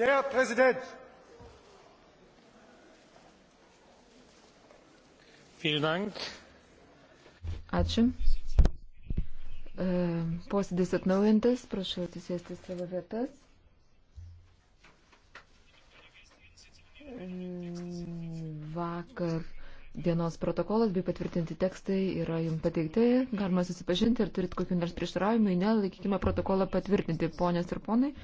Der Präsident! Vielen Dank. Ačiū. E, posėdis atnaujintas, prašau atsisėsti savo vietas. Vakar dienos protokolas bei patvirtinti tekstai yra jums pateikti, galima susipažinti ir turit kokių nors prieštaravimų, ne, laikykime protokolą patvirtinti, ponios ir ponai.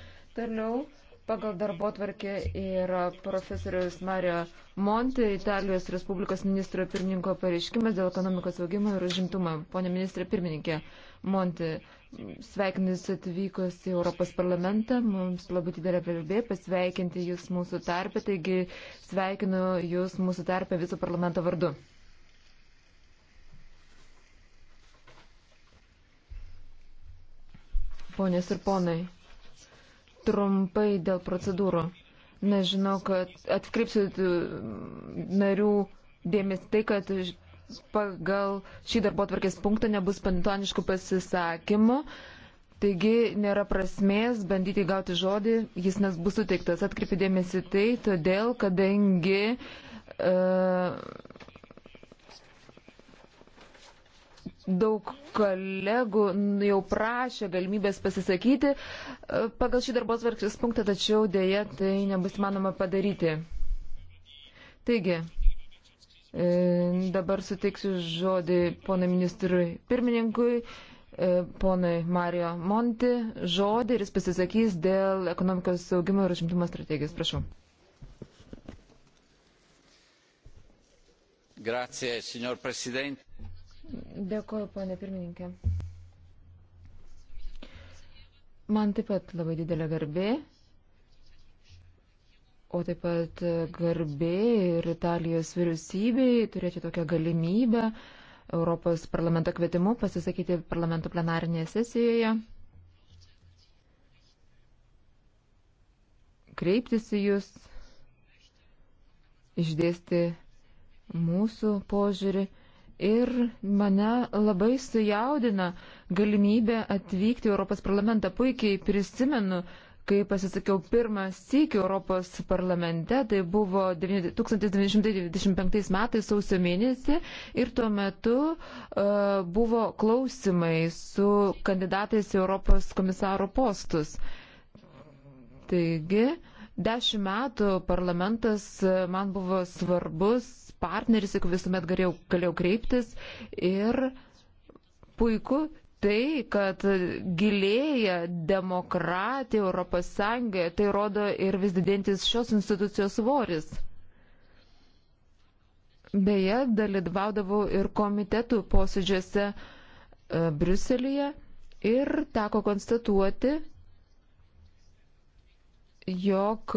Toliau. Pagal darbo tvarkę yra profesorius Mario Monti, Italijos Respublikos ministro pirmininko pareiškimas dėl ekonomikos augimo ir užimtumo. Pone ministrė pirmininkė Monti, sveikinu Jūs atvykus į Europos parlamentą, mums labai didelė garbė pasveikinti Jūs mūsų tarpę, taigi sveikinu Jūs mūsų tarpę viso parlamento vardu. Ponės ir ponai trumpai dėl procedūrų. Nežinau, kad atkreipsiu e, narių dėmesį tai, kad pagal šį darbo tvarkės punktą nebus pantoniškų pasisakymų. Taigi nėra prasmės bandyti gauti žodį, jis nes bus suteiktas. Atkreipi dėmesį tai, todėl, kadangi uh, daug kolegų jau prašė galimybės pasisakyti e, pagal šį darbos varksis punktą, tačiau dėja tai nebus manoma padaryti. Taigi, e, dabar suteiksiu žodį ponai ministrui pirmininkui, e, ponai Mario Monti, žodį ir jis pasisakys dėl ekonomikos saugimo ir užimtumo strategijos. Prašau. Grazie, signor Presidente. Dėkuoju, ponė pirmininkė. Man taip pat labai didelė garbė, o taip pat garbė ir Italijos vyriausybei turėti tokią galimybę Europos parlamento kvietimu pasisakyti parlamento plenarinėje sesijoje, kreiptis į jūs, išdėsti mūsų požiūrį ir mane labai sujaudina galimybė atvykti į Europos parlamentą. Puikiai prisimenu, kai pasisakiau pirmą sykį Europos parlamente, tai buvo 1995 metais sausio mėnesį ir tuo metu uh, buvo klausimai su kandidatais į Europos komisaro postus. Taigi, uh, Dešimt metų parlamentas e, man buvo svarbus partneris, į kurį visuomet galėjau, galėjau kreiptis ir puiku tai, kad gilėja demokratija Europos Sąjungoje, tai rodo ir vis didintis šios institucijos svoris. Beje, dalyvaudavau ir komitetų posėdžiuose e, Briuselėje ir teko konstatuoti, jog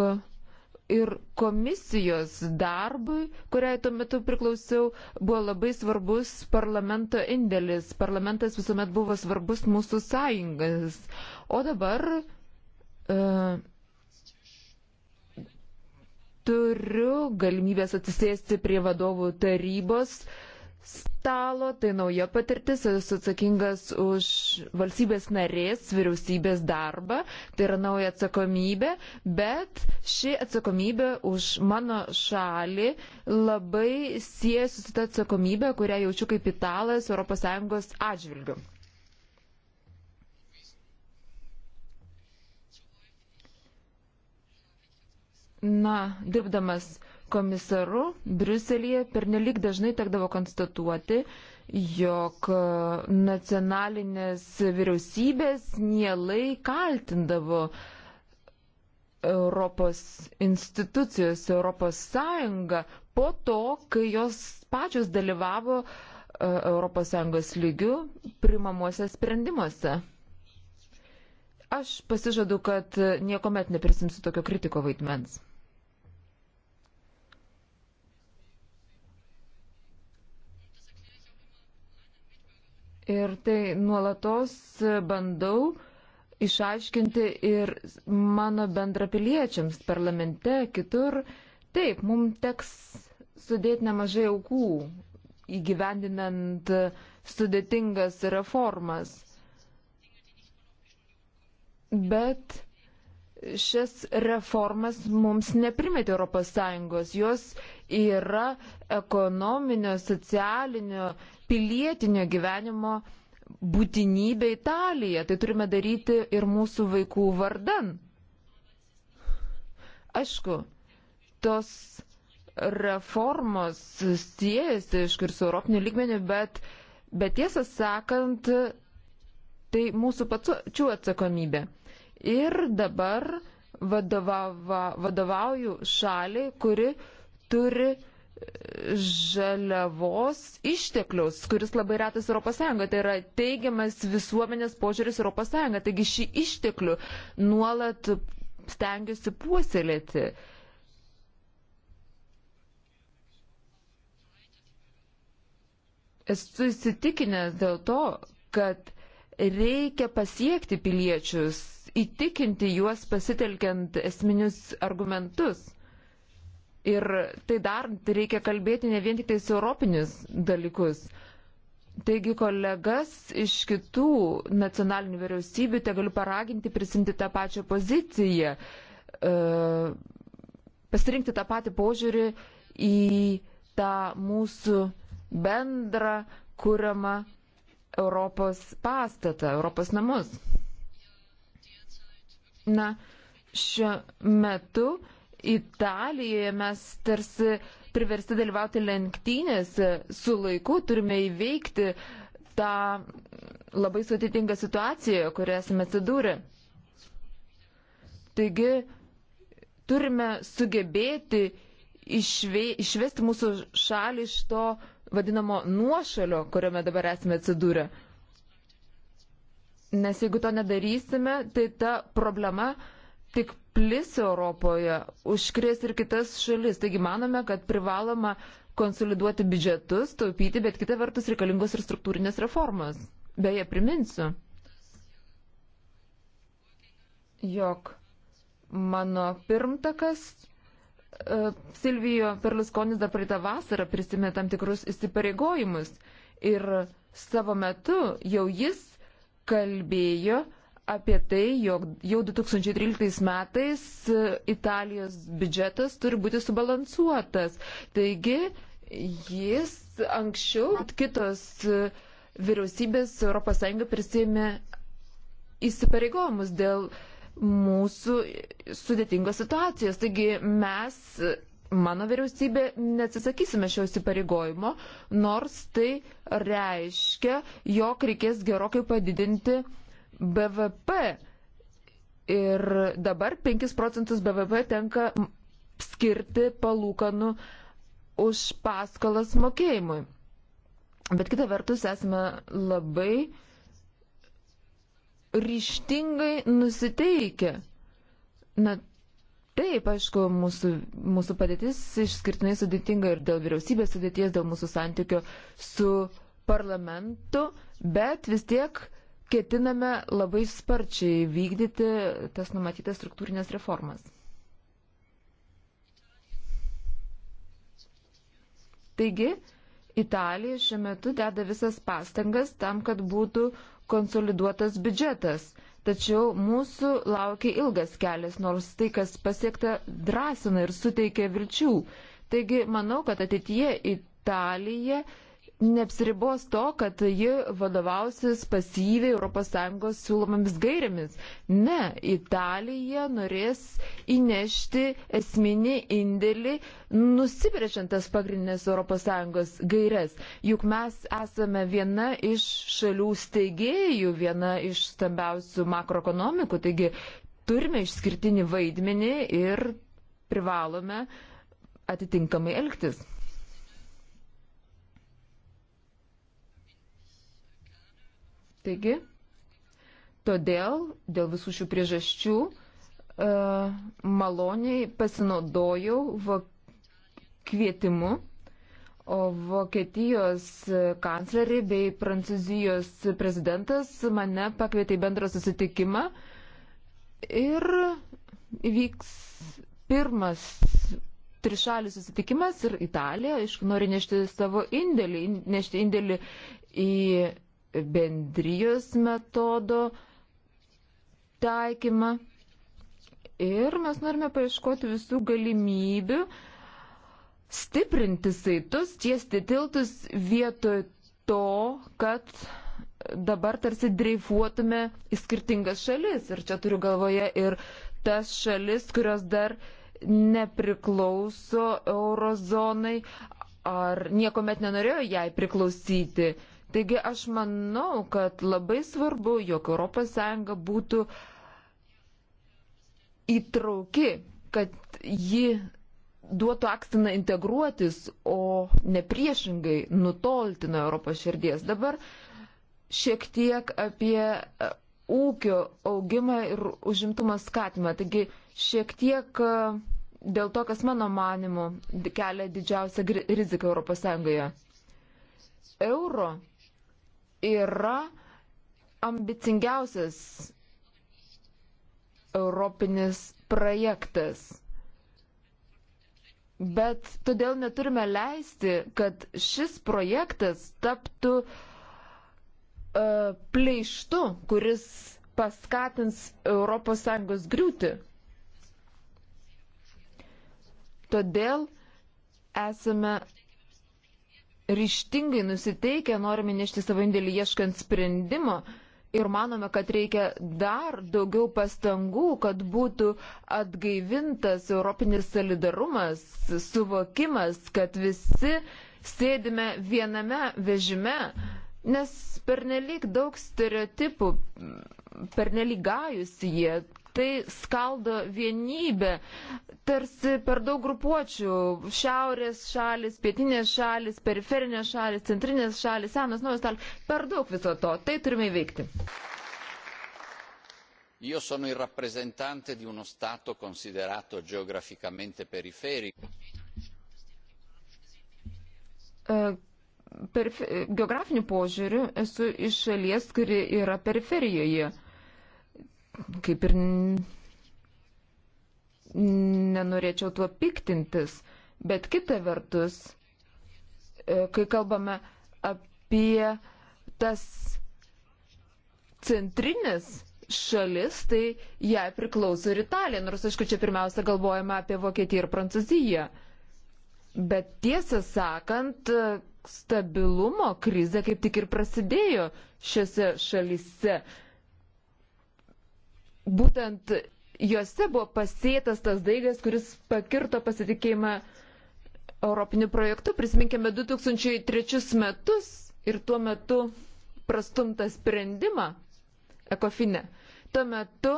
ir komisijos darbui, kuriai tuo metu priklausiau, buvo labai svarbus parlamento indėlis. Parlamentas visuomet buvo svarbus mūsų sąjungas. O dabar uh, turiu galimybės atsisėsti prie vadovų tarybos uh, stalo, tai nauja patirtis, esu atsakingas už valstybės narės, vyriausybės darbą, tai yra nauja atsakomybė, bet ši atsakomybė už mano šalį labai siejasi su ta atsakomybė, kurią jaučiu kaip italas ES atžvilgiu. Na, dirbdamas komisaru Briuselėje pernelik dažnai tekdavo konstatuoti, jog e, nacionalinės vyriausybės mielai kaltindavo Europos institucijos, Europos Sąjungą po to, kai jos pačios dalyvavo e, Europos Sąjungos lygių primamuose sprendimuose. Aš pasižadu, kad niekuomet neprisimsiu tokio kritiko vaidmens. tai nuolatos bandau išaiškinti ir mano bendrapiliečiams parlamente, kitur. Taip, mums teks sudėti nemažai aukų įgyvendinant sudėtingas reformas. Bet šias reformas mums neprimetė ES, jos yra ekonominio, socialinio, pilietinio gyvenimo uh, būtinybė Italija, tai turime daryti ir mūsų vaikų vardan. Aišku, tos reformos siejasi, aišku, ir su Europiniu lygmeniu, bet, bet tiesą sakant, tai mūsų pačių atsakomybė. Ir dabar vadovava, vadovauju šaliai, kuri turi žaliavos išteklius, kuris labai retas ES, tai yra teigiamas visuomenės požiūris ES, taigi šį išteklių nuolat stengiuosi puoselėti. Esu įsitikinęs dėl to, kad reikia pasiekti piliečius, įtikinti juos pasitelkiant esminius argumentus. Ir tai dar tai reikia kalbėti ne vien tik tais europinius dalykus. Taigi kolegas iš kitų nacionalinių vyriausybių te galiu paraginti prisimti tą pačią poziciją, e, pasirinkti tą patį požiūrį į tą mūsų bendrą kūriamą Europos pastatą, Europos namus. Na, šiuo metu Italijoje mes tarsi priversti dalyvauti lenktynėse su laiku, turime įveikti tą labai sudėtingą situaciją, kurioje esame atsidūrę. Taigi turime sugebėti išve, išvesti mūsų šalį iš to vadinamo nuošalio, kuriame dabar esame atsidūrę. Nes jeigu to nedarysime, tai ta problema tik plis Europoje, užkrės ir kitas šalis. Taigi manome, kad privaloma konsoliduoti biudžetus, taupyti, bet kita vertus reikalingos ir struktūrinės reformos. Beje, priminsiu, jog mano pirmtakas e, Silvijo Perluskonis dar praeitą vasarą prisimė tam tikrus įsipareigojimus ir savo metu jau jis kalbėjo apie tai, jog jau 2013 metais e, Italijos biudžetas turi būti subalansuotas. Taigi jis anksčiau kitos e, vyriausybės ES prisėmė įsipareigojimus dėl mūsų sudėtingos situacijos. Taigi mes, mano vyriausybė, neatsisakysime šio įsipareigojimo, nors tai reiškia, jog reikės gerokai padidinti BVP ir dabar 5 procentus BVP tenka skirti palūkanų už paskolas mokėjimui. Bet kita vertus esame labai ryštingai nusiteikę. Na, taip, aišku, mūsų, mūsų padėtis išskirtinai sudėtinga ir dėl vyriausybės sudėties, dėl mūsų santykio su parlamentu, bet vis tiek ketiname labai sparčiai vykdyti tas numatytas struktūrinės reformas. Taigi, Italija šiuo metu deda visas pastangas tam, kad būtų konsoliduotas biudžetas. Tačiau mūsų laukia ilgas kelias, nors tai, kas pasiekta, drąsina ir suteikia vilčių. Taigi, manau, kad ateityje Italija neapsiribos to, kad ji vadovausis pasyviai ES siūlomomis gairėmis. Ne, Italija norės įnešti esminį indėlį, nusipriešiant tas pagrindinės ES gairės. Juk mes esame viena iš šalių steigėjų, viena iš stambiausių makroekonomikų, taigi turime išskirtinį vaidmenį ir privalome atitinkamai elgtis. Taigi, todėl dėl visų šių priežasčių e, maloniai pasinaudojau kvietimu, o Vokietijos kanclerį bei Prancūzijos prezidentas mane pakvietė į bendrą susitikimą ir įvyks pirmas trišalis susitikimas ir Italija, aišku, nori nešti savo indėlį, nešti indėlį į bendrijos metodo taikymą. Ir mes norime paieškoti visų galimybių stiprinti saitus, tiesti tiltus vietoj to, kad dabar tarsi dreifuotume į skirtingas šalis. Ir čia turiu galvoje ir tas šalis, kurios dar nepriklauso eurozonai ar niekuomet nenorėjo jai priklausyti. Taigi aš manau, kad labai svarbu, jog ES būtų įtrauki, kad ji duotų akstiną integruotis, o ne priešingai nutolti nuo Europos širdies. Dabar šiek tiek apie e, ūkio augimą ir užimtumą skatimą. Taigi šiek tiek e, dėl to, kas mano manimu kelia didžiausią riziką ES. Euro yra ambicingiausias europinis projektas. Bet todėl neturime leisti, kad šis projektas taptų uh, pleištu, kuris paskatins ES griūti. Todėl esame ryštingai nusiteikę, norime nešti savo indėlį ieškant sprendimo ir manome, kad reikia dar daugiau pastangų, kad būtų atgaivintas europinis solidarumas, suvokimas, kad visi sėdime viename vežime, nes pernelyg daug stereotipų, pernelyg gajus jie, tai skaldo vienybę. Tarsi per daug grupuočių - šiaurės šalis, pietinės šalis, periferinės šalis, centrinės šalis, senas, naujas šalis. Per daug viso to. Tai turime įveikti. Io sono il rappresentante di uno Stato considerato geograficamente periferico. Uh, e, perif geografiniu požiūriu esu iš šalies, kuri yra periferijoje. Uh, kaip ir nenorėčiau tuo piktintis, bet kita vertus, e, kai kalbame apie tas centrinis šalis, tai jai priklauso ir Italija, nors aišku, čia pirmiausia galvojame apie Vokietiją ir Prancūziją. Bet tiesą sakant, stabilumo krizė kaip tik ir prasidėjo šiose šalise būtent juose buvo pasėtas tas daigas, kuris pakirto pasitikėjimą Europiniu projektu. Prisiminkime 2003 metus ir tuo metu prastumtą sprendimą ekofinę. Tuo metu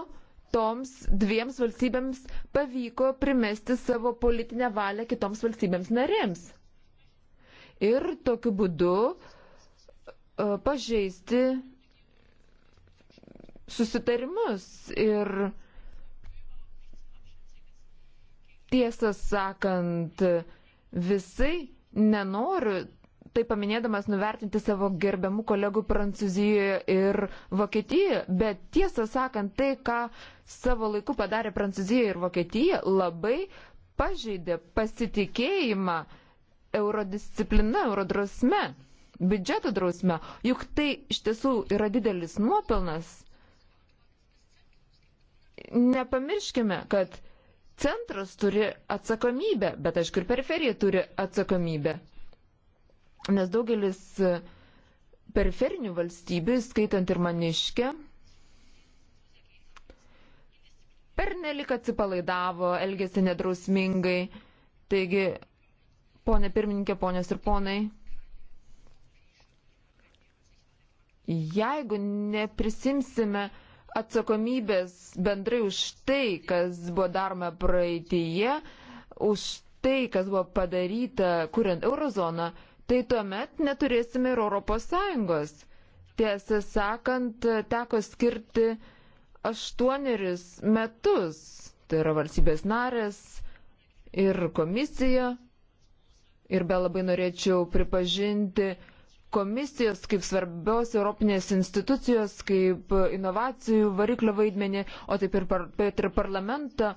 toms dviems valstybėms pavyko primesti savo politinę valią kitoms valstybėms narėms. Ir tokiu būdu e, pažeisti susitarimus ir tiesą sakant, visai nenoriu, tai paminėdamas, nuvertinti savo gerbiamų kolegų Prancūzijoje ir Vokietijoje, bet tiesą sakant, tai, ką savo laiku padarė Prancūzija ir Vokietija, labai pažeidė pasitikėjimą eurodisciplina, eurodrausme, biudžeto drausme, juk tai iš tiesų yra didelis nuopelnas nepamirškime, kad centras turi atsakomybę, bet aišku ir periferija turi atsakomybę. Nes daugelis periferinių valstybių, skaitant ir maniškę, pernelik atsipalaidavo, elgėsi nedrausmingai. Taigi, ponė pirmininkė, ponės ir ponai, jeigu neprisimsime atsakomybės bendrai už tai, kas buvo daroma praeitįje, už tai, kas buvo padaryta, kuriant eurozoną, tai tuomet neturėsime ir Europos Sąjungos. Tiesą sakant, teko skirti aštuonerius metus, tai yra valstybės narės ir komisija, ir be labai norėčiau pripažinti, komisijos kaip svarbios Europinės institucijos, kaip inovacijų variklio vaidmenį, o taip ir, par, bet ir parlamento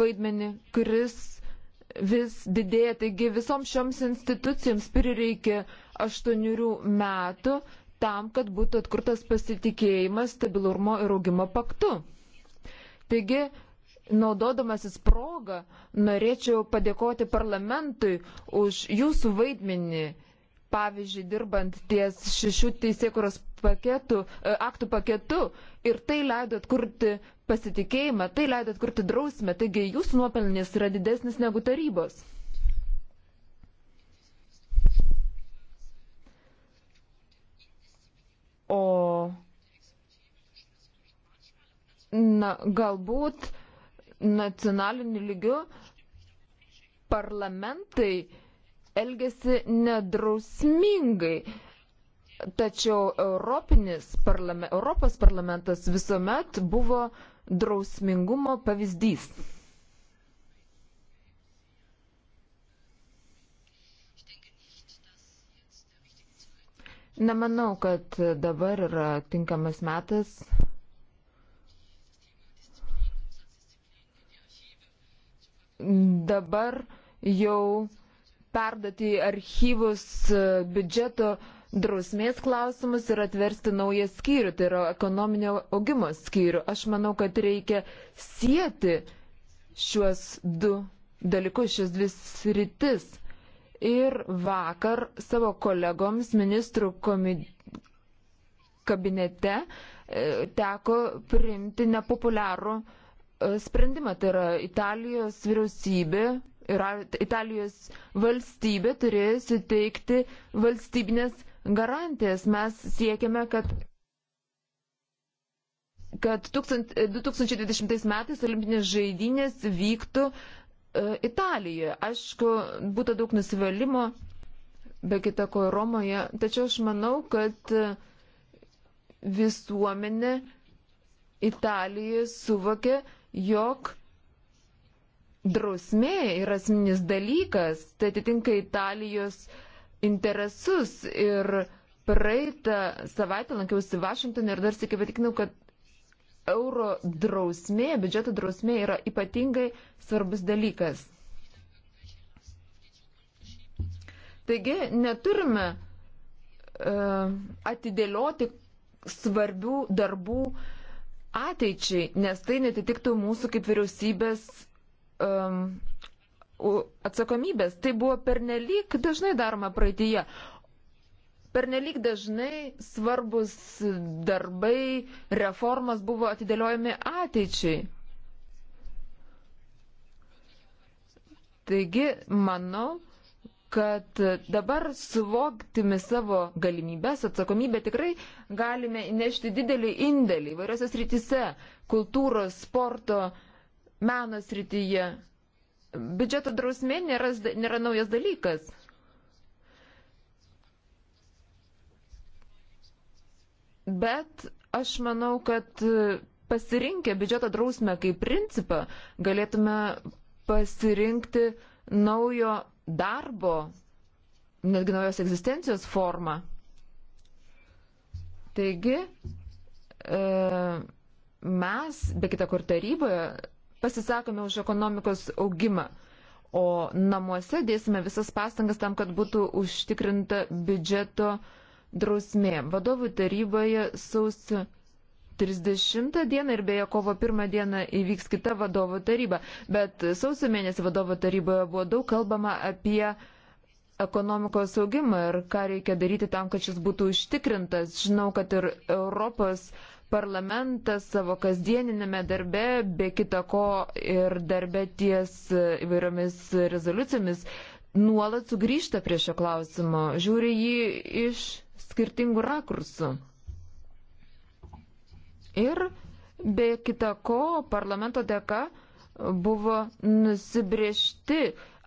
vaidmenį, kuris vis didėja. Taigi visoms šioms institucijoms prireikia aštuonių metų tam, kad būtų atkurtas pasitikėjimas stabilumo ir augimo paktu. Taigi, naudodamasis progą, norėčiau padėkoti parlamentui už jūsų vaidmenį pavyzdžiui, dirbant ties šešių teisėkuros paketų, e, aktų paketu ir tai leido atkurti pasitikėjimą, tai leido atkurti drausmę, taigi jūsų nuopelnis yra didesnis negu tarybos. O na, galbūt nacionaliniu lygiu parlamentai elgesi nedrausmingai. Tačiau parlame, Europos parlamentas visuomet buvo drausmingumo pavyzdys. Nemanau, kad dabar yra tinkamas metas dabar jau perduoti archyvus e, biudžeto drausmės klausimus ir atversti naują skyrių, tai yra ekonominio augimo skyrių. Aš manau, kad reikia sieti šiuos du dalykus, šias dvi sritis. Ir vakar savo kolegoms ministrų komi... kabinete e, teko priimti nepopuliarų e, sprendimą. Tai yra Italijos vyriausybė ir Italijos valstybė turėjo suteikti valstybinės garantijas. Mes siekiame, kad kad 2020 metais olimpinės žaidynės vyktų uh, Italijoje. Aišku, būtų daug nusivalimo, be kita ko Romoje, tačiau aš manau, kad e, visuomenė Italijoje suvokė, jog drausmė yra asmeninis dalykas, tai atitinka Italijos interesus ir praeitą savaitę lankiausi Vašingtonė ir dar sėkiai patikinau, kad euro drausmė, biudžeto drausmė yra ypatingai svarbus dalykas. Taigi neturime uh, atidėlioti svarbių darbų ateičiai, nes tai netitiktų mūsų kaip vyriausybės um, atsakomybės. Tai buvo pernelyg dažnai daroma praeitįje. Pernelyg dažnai svarbus darbai, reformas buvo atidėliojami ateičiai. Taigi, manau, kad dabar suvoktimi savo galimybės, atsakomybę tikrai galime nešti didelį indėlį įvairiose srityse - kultūros, sporto, uh, meno srityje. Biudžeto drausmė nėra, nėra naujas dalykas. Bet aš manau, kad e, pasirinkę biudžeto drausmę kaip principą galėtume pasirinkti naujo darbo, netgi naujos egzistencijos formą. Taigi, e, mes, be kita kur taryboje, pasisakome už ekonomikos augimą, o namuose dėsime visas pastangas tam, kad būtų užtikrinta biudžeto drausmė. Vadovų taryboje sausio 30 dieną ir beje kovo 1 dieną įvyks kita vadovo taryba. Bet sausio mėnesį vadovo taryboje buvo daug kalbama apie ekonomikos augimą ir ką reikia daryti tam, kad šis būtų užtikrintas. Žinau, kad ir Europos uh, parlamentas savo kasdieninėme darbe, be kita ko ir darbe ties įvairiomis rezoliucijomis, nuolat sugrįžta prie šio klausimo, žiūri jį iš skirtingų rakursų. Ir be kita ko parlamento dėka buvo nusibriežti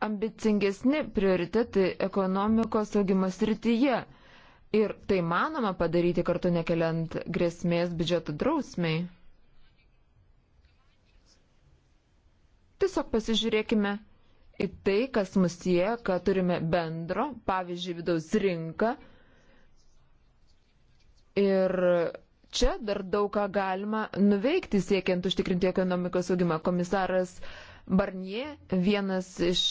ambicingesni prioritetai ekonomikos augimo srityje. Ir tai manoma padaryti kartu nekeliant grėsmės biudžeto drausmiai. Tiesiog pasižiūrėkime į tai, kas mus sieja, ką turime bendro, pavyzdžiui, vidaus rinką. Ir čia dar daug ką galima nuveikti, siekiant užtikrinti ekonomikos augimą. Komisaras Barnie, vienas iš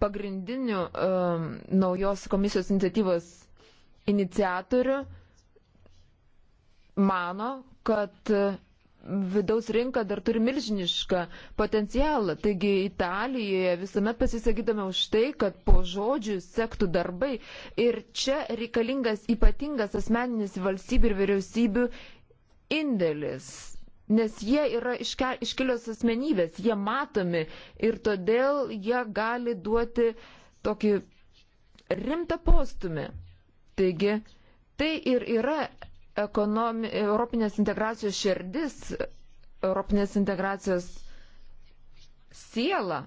pagrindinių um, naujos komisijos iniciatyvos iniciatorių mano, kad vidaus rinka dar turi milžinišką potencialą. Taigi Italijoje visuomet pasisakydame už tai, kad po žodžių sektų darbai. Ir čia reikalingas ypatingas asmeninis valstybių ir vyriausybių indėlis. Nes jie yra iške, iškilios asmenybės, jie matomi ir todėl jie gali duoti tokį rimtą postumį. Taigi, tai ir yra ekonomi, Europinės integracijos širdis, Europinės integracijos siela.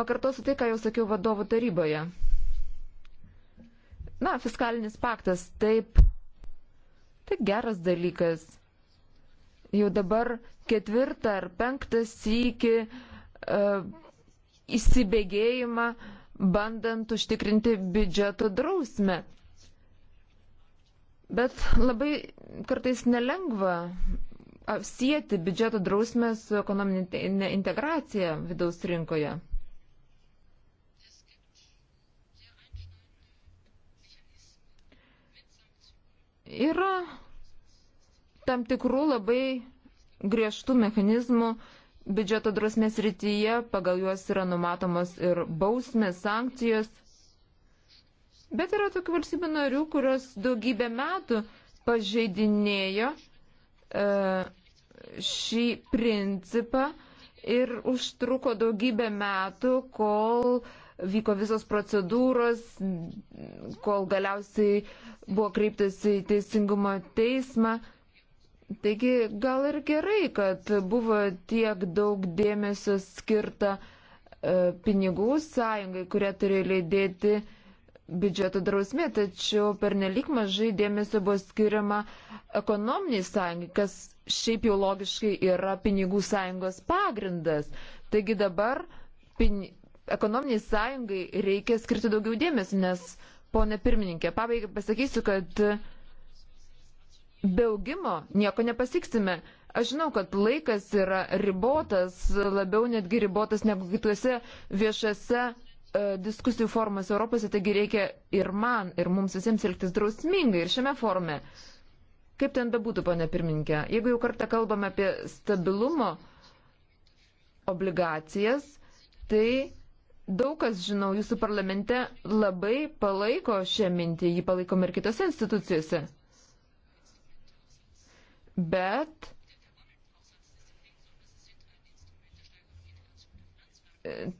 Pakartosiu tai, ką jau sakiau vadovų taryboje. Na, fiskalinis paktas, taip, tai geras dalykas. Jau dabar ketvirtą ar penktą sykį uh, įsibėgėjimą bandant užtikrinti biudžeto drausmę. Bet labai kartais nelengva apsieti biudžeto drausmę su ekonominė integracija vidaus rinkoje. Yra tam tikrų labai griežtų mechanizmų biudžeto drausmės rytyje, pagal juos yra numatomos ir bausmės, sankcijos. Bet yra tokių valstybių narių, kurios daugybę metų pažeidinėjo e, šį principą ir užtruko daugybę metų, kol vyko visos procedūros, kol galiausiai buvo kreiptas į teisingumo teismą. Taigi gal ir gerai, kad buvo tiek daug dėmesio skirta e, pinigų sąjungai, kurie turėjo lydėti e, biudžeto drausmė, tačiau pernelik mažai dėmesio buvo skiriama ekonominiai sąjungai, kas šiaip jau logiškai yra pinigų sąjungos pagrindas. Taigi dabar pin... ekonominiai sąjungai reikia skirti daugiau dėmesio, nes, ponė pirmininkė, pabaigai pasakysiu, kad be augimo nieko nepasiksime. Aš žinau, kad laikas yra ribotas, labiau netgi ribotas negu kituose viešose E, diskusijų formas Europose, taigi reikia ir man, ir mums visiems elgtis drausmingai ir šiame forume. Kaip ten bebūtų, pane pirmininkė, jeigu jau kartą kalbame apie stabilumo obligacijas, tai daug kas, žinau, jūsų parlamente labai palaiko šią mintį, jį palaikom ir kitose institucijose. Bet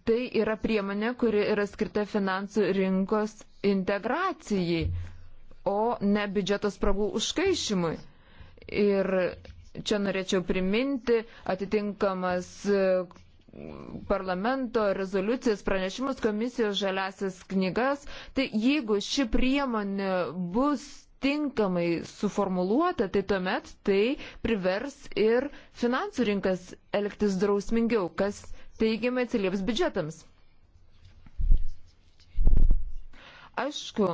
tai yra priemonė, kuri yra skirta finansų rinkos integracijai, o ne biudžeto spragų užkaišimui. Ir čia norėčiau priminti atitinkamas e, parlamento rezoliucijas, pranešimus komisijos žaliasias knygas. Tai jeigu ši priemonė bus tinkamai suformuluota, tai tuomet tai privers ir finansų rinkas elgtis drausmingiau, kas teigiamai atsilieps biudžetams. Aišku,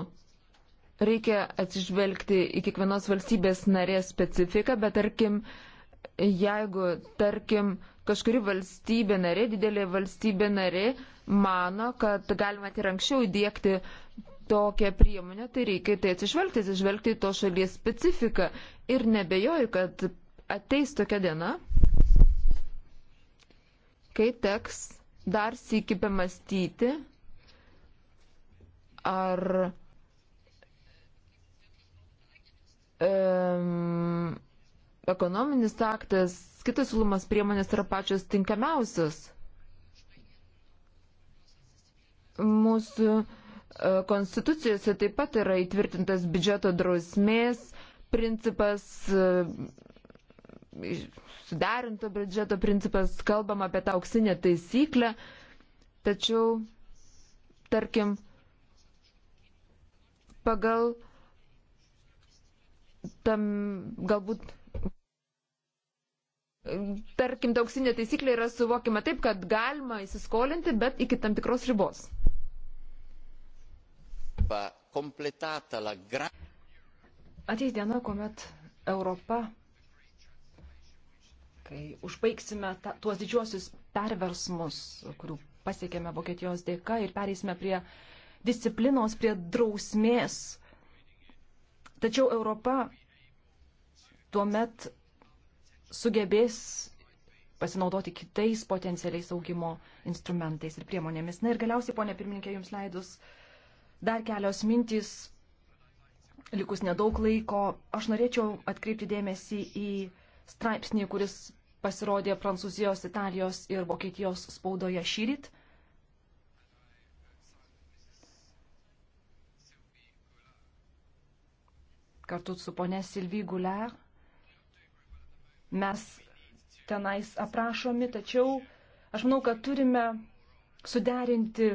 reikia atsižvelgti į kiekvienos valstybės narės specifiką, bet tarkim, jeigu, tarkim, kažkuri valstybė narė, didelė valstybė narė, mano, kad galima ir anksčiau įdėkti tokią priemonę, tai reikia tai atsižvelgti, atsižvelgti į to šalies specifiką. Ir nebejoju, kad ateis tokia diena, kai teks dar sėki pamastyti, ar um, ekonominis aktas, kitas siūlomas priemonės yra pačios tinkamiausios. Mūsų uh, konstitucijose taip pat yra įtvirtintas biudžeto drausmės principas, uh, suderinto biudžeto principas, kalbam apie tą auksinę taisyklę, tačiau, tarkim, pagal tam galbūt tarkim, ta auksinė taisyklė yra suvokiama taip, kad galima įsiskolinti, bet iki tam tikros ribos. Ateis diena, kuomet Europa kai užbaigsime ta, tuos didžiuosius perversmus, kurių pasiekėme Vokietijos dėka ir pereisime prie disciplinos, prie drausmės. Tačiau Europa tuomet sugebės pasinaudoti kitais potencialiais augimo instrumentais ir priemonėmis. Na ir galiausiai, ponė pirmininkė, jums leidus dar kelios mintys, likus nedaug laiko, aš norėčiau atkreipti dėmesį į straipsnį, kuris pasirodė Prancūzijos, Italijos ir Vokietijos spaudoje šyrit. Kartu su ponė Silvi Guler mes tenais aprašomi, tačiau aš manau, kad turime suderinti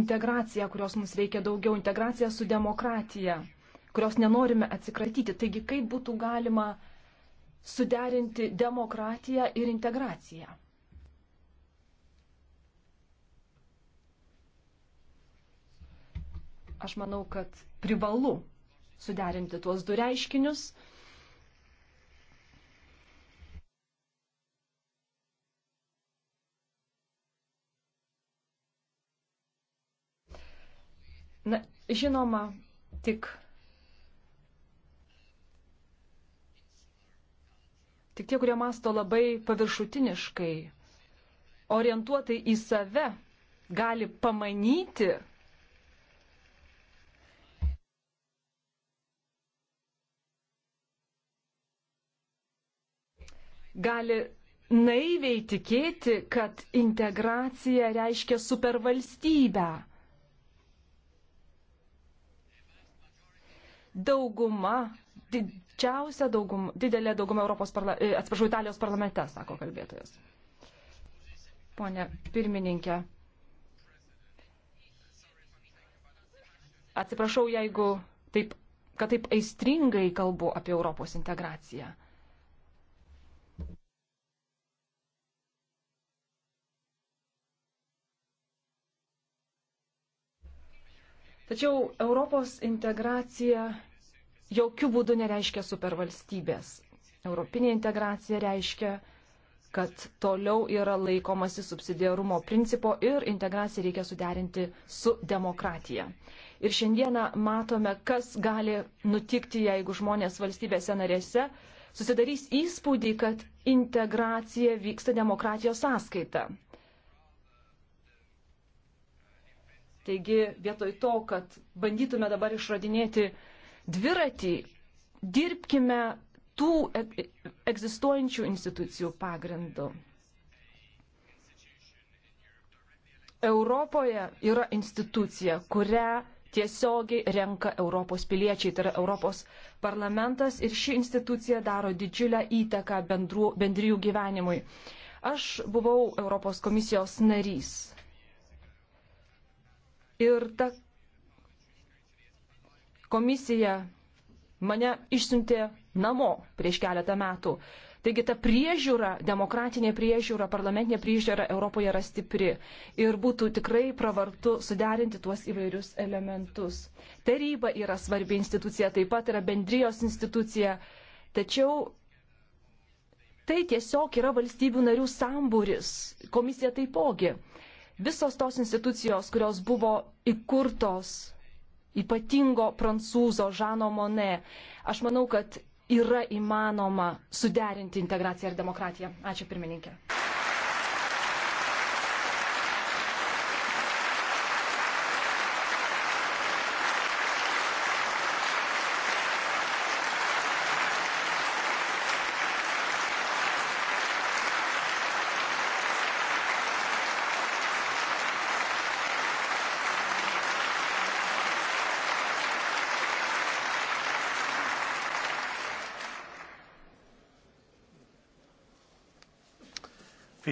integraciją, kurios mums reikia daugiau, integraciją su demokratija, kurios nenorime atsikratyti. Taigi, kaip būtų galima uh, suderinti demokratiją ir integraciją. Aš manau, kad privalu suderinti tuos du reiškinius. Na, žinoma, tik Tik tie, kurie masto labai paviršutiniškai, orientuotai į save, gali pamanyti, gali naiviai tikėti, kad integracija reiškia supervalstybę. Dauguma, did, tvirčiausia daugum, didelė dauguma Europos parla, e, atsiprašau, Italijos parlamente, sako kalbėtojas. Pone pirmininkė. Atsiprašau, jeigu taip, kad taip aistringai kalbu apie Europos integraciją. Tačiau Europos integracija jokių būdų nereiškia supervalstybės. Europinė integracija reiškia, kad toliau yra laikomasi subsidiarumo principo ir integraciją reikia suderinti su demokratija. Ir šiandieną matome, kas gali nutikti, jeigu žmonės valstybėse narėse susidarys įspūdį, kad integracija vyksta demokratijos sąskaita. Taigi vietoj to, kad bandytume dabar išradinėti dviratį, dirbkime tų egzistuojančių institucijų pagrindu. Europoje yra institucija, kurią tiesiogiai renka Europos piliečiai, tai yra Europos parlamentas ir ši institucija daro didžiulę įtaką bendru, bendrijų gyvenimui. Aš buvau Europos komisijos narys. Ir ta Komisija mane išsiuntė namo prieš keletą metų. Taigi ta priežiūra, demokratinė priežiūra, parlamentinė priežiūra Europoje yra stipri ir būtų tikrai pravartu suderinti tuos įvairius elementus. Taryba yra svarbi institucija, taip pat yra bendrijos institucija, tačiau tai tiesiog yra valstybių narių sambūris, komisija taipogi. Visos tos institucijos, kurios buvo įkurtos ypatingo prancūzo Žano Mone. Aš manau, kad yra įmanoma suderinti integraciją ir demokratiją. Ačiū pirmininkė.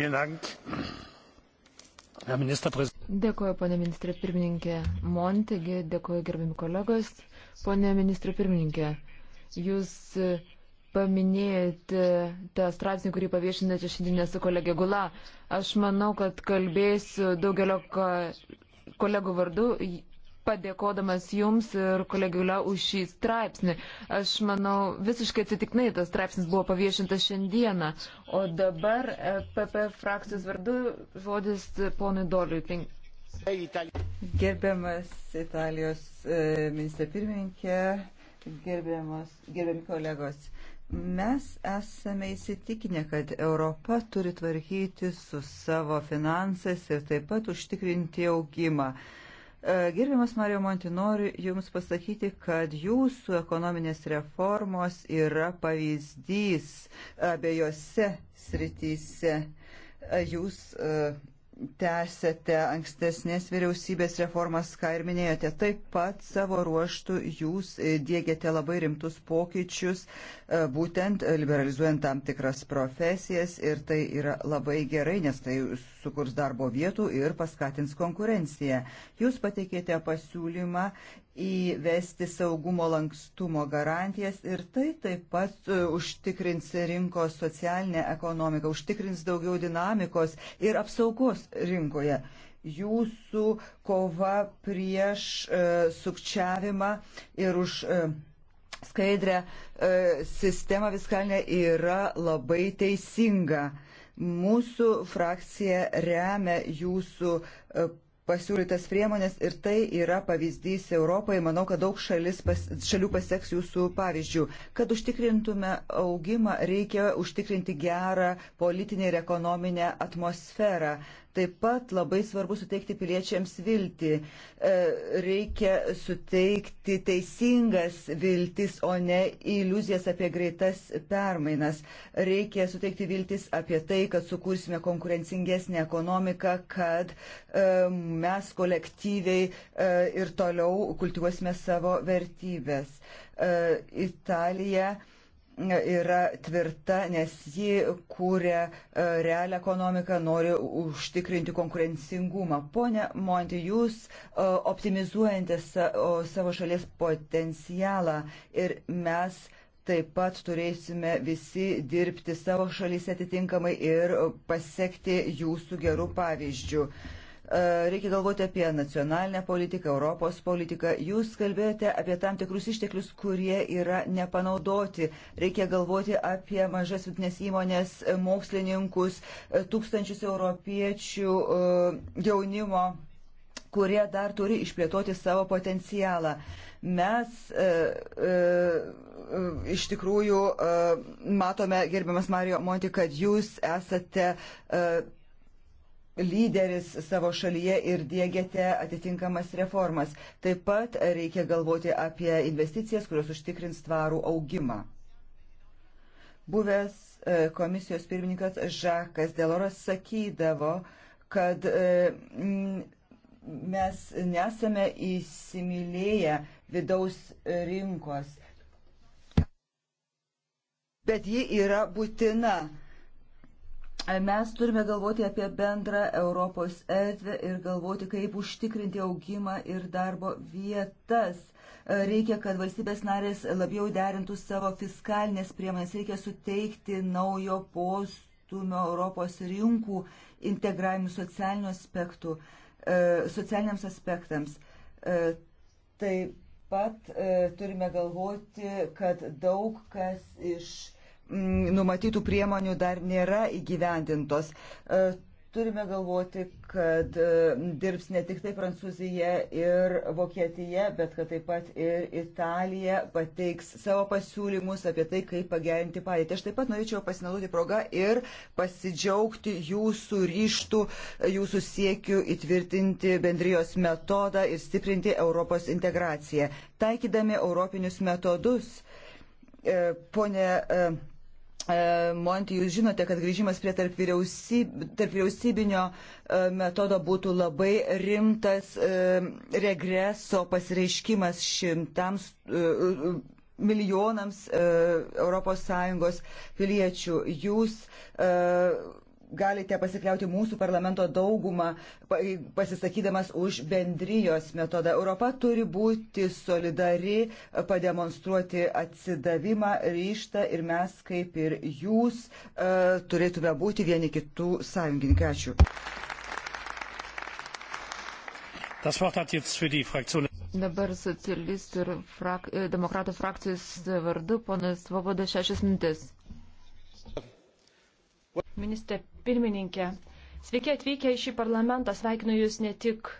Dėkuoju, ponė ministrė pirmininkė Montegi, dėkuoju gerbimi kolegos. Pone ministrė pirmininkė, jūs e, paminėjote tą straipsnį, kurį paviešinate šiandien su kolegė Gula. Aš manau, kad kalbėsiu daugelio kolegų vardu, padėkodamas jums ir kolegiulio už šį straipsnį. Aš manau, visiškai atsitiknai tas straipsnis buvo paviešintas šiandieną. O dabar PP e frakcijos vardu žodis ponui Doliui. Gerbiamas Italijos e, ministrė pirmininkė, gerbiami kolegos, mes esame įsitikinę, kad Europa turi tvarkyti su savo finansais ir taip pat užtikrinti augimą. E, E, gerbiamas Mario Monti, noriu Jums pasakyti, kad Jūsų ekonominės reformos yra pavyzdys abiejose srityse. E, Jūs e, tęsėte ankstesnės vyriausybės reformas, ką ir minėjote. Taip pat savo ruoštų jūs e, dėgiate labai rimtus pokyčius, e, būtent liberalizuojant tam tikras profesijas ir tai yra labai gerai, nes tai sukurs darbo vietų ir paskatins konkurenciją. Jūs pateikėte pasiūlymą įvesti saugumo lankstumo garantijas ir tai taip pat e, užtikrins rinkos socialinę ekonomiką, užtikrins daugiau dinamikos ir apsaugos rinkoje. Jūsų kova prieš e, sukčiavimą ir už e, skaidrę e, sistemą viskalinę yra labai teisinga. Mūsų frakcija remia jūsų e, pasiūlytas priemonės ir tai yra pavyzdys Europai. Manau, kad daug šalis, pas, šalių paseks jūsų pavyzdžių. Kad užtikrintume augimą, reikia užtikrinti gerą politinę ir ekonominę atmosferą. Taip pat labai svarbu suteikti piliečiams viltį. E, reikia suteikti teisingas viltis, o ne iliuzijas apie greitas permainas. Reikia suteikti viltis apie tai, kad sukursime konkurencingesnę ekonomiką, kad e, mes kolektyviai e, ir toliau kultivuosime savo vertybės. Italija yra tvirta, nes ji kūrė e, realią ekonomiką, nori užtikrinti konkurencingumą. Pone Monti, jūs e, optimizuojate savo šalies potencialą ir mes taip pat turėsime visi dirbti savo šalyse atitinkamai ir pasiekti jūsų gerų pavyzdžių. E, reikia galvoti apie nacionalinę politiką, Europos politiką. Jūs kalbėjote apie tam tikrus išteklius, kurie yra nepanaudoti. Reikia galvoti apie mažas vidinės įmonės, mokslininkus, e, tūkstančius europiečių e, jaunimo kurie dar turi išplėtoti savo potencialą. Mes e, e, iš tikrųjų e, matome, gerbiamas Mario Monti, kad jūs esate e, lyderis savo šalyje ir dėgiate atitinkamas reformas. Taip pat reikia galvoti apie investicijas, kurios užtikrins tvarų augimą. Buvęs e, komisijos pirmininkas Žakas Deloras sakydavo, kad e, mes nesame įsimylėję vidaus rinkos, bet ji yra būtina Mes turime galvoti apie bendrą Europos erdvę ir galvoti, kaip užtikrinti augimą ir darbo vietas. Reikia, kad valstybės narės labiau derintų savo fiskalinės priemonės, reikia suteikti naujo postumio Europos rinkų integravimui socialinių aspektų, e, socialiniams aspektams. E, taip pat e, turime galvoti, kad daug kas iš Mm, numatytų priemonių dar nėra įgyvendintos. E, turime galvoti, kad e, dirbs ne tik tai Prancūzija ir Vokietija, bet kad taip pat ir Italija pateiks savo pasiūlymus apie tai, kaip pagerinti padėtį. Aš taip pat norėčiau pasinaudoti progą ir pasidžiaugti jūsų ryštų, jūsų siekių įtvirtinti bendrijos metodą ir stiprinti Europos integraciją. Taikydami europinius metodus, e, ponė E, Monti, jūs žinote, kad grįžimas prie tarp, vyriausyb, tarp vyriausybinio e, metodo būtų labai rimtas e, regreso pasireiškimas šimtams milijonams ES piliečių. Jūs galite pasikliauti mūsų parlamento daugumą, pasisakydamas už bendrijos metodą. Europa turi būti solidari, pademonstruoti atsidavimą, ryštą ir mes, kaip ir jūs, e, turėtume būti vieni kitų sąjungininkai. Ačiū. Dabar socialistų ir frak, e, demokratų frakcijos vardu ponas Svoboda šešias mintis. Ministrė pirmininkė. Sveiki atvykę į šį parlamentą. Sveikinu Jūs ne tik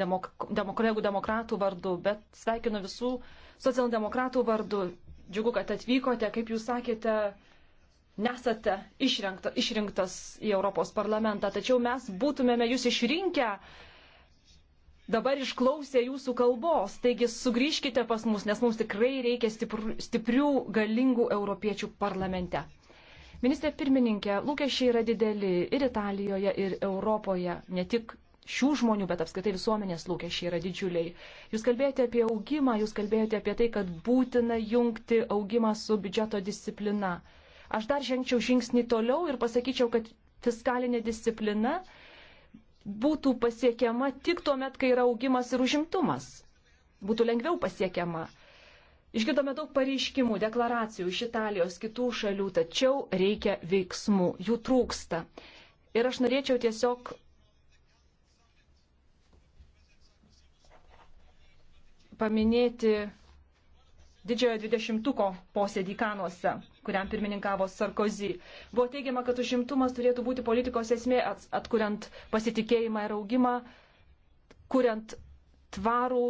demok demok kolegų demokratų vardu, bet sveikinu visų socialdemokratų vardu. Džiugu, kad atvykote. Kaip Jūs sakėte, nesate išrinkta, išrinktas į Europos parlamentą, tačiau mes būtumėme Jūs išrinkę dabar išklausė jūsų kalbos, taigi sugrįžkite pas mus, nes mums tikrai reikia stiprių, stiprių galingų europiečių parlamente. Ministrė pirmininkė, lūkesčiai yra dideli ir Italijoje, ir Europoje, ne tik šių žmonių, bet apskritai visuomenės lūkesčiai yra didžiuliai. Jūs kalbėjote apie augimą, jūs kalbėjote apie tai, kad būtina jungti augimą su biudžeto disciplina. Aš dar žengčiau žingsnį toliau ir pasakyčiau, kad fiskalinė disciplina būtų pasiekiama tik tuo met, kai yra augimas ir užimtumas. Būtų lengviau pasiekiama. Išgirdome daug pareiškimų, deklaracijų iš Italijos, kitų šalių, tačiau reikia veiksmų, jų trūksta. Ir aš norėčiau tiesiog paminėti didžiojo dvidešimtuko posėdį Kanuose, kuriam pirmininkavo Sarkozy. Buvo teigiama, kad užimtumas turėtų būti politikos esmė, atkuriant pasitikėjimą ir augimą, kuriant tvarų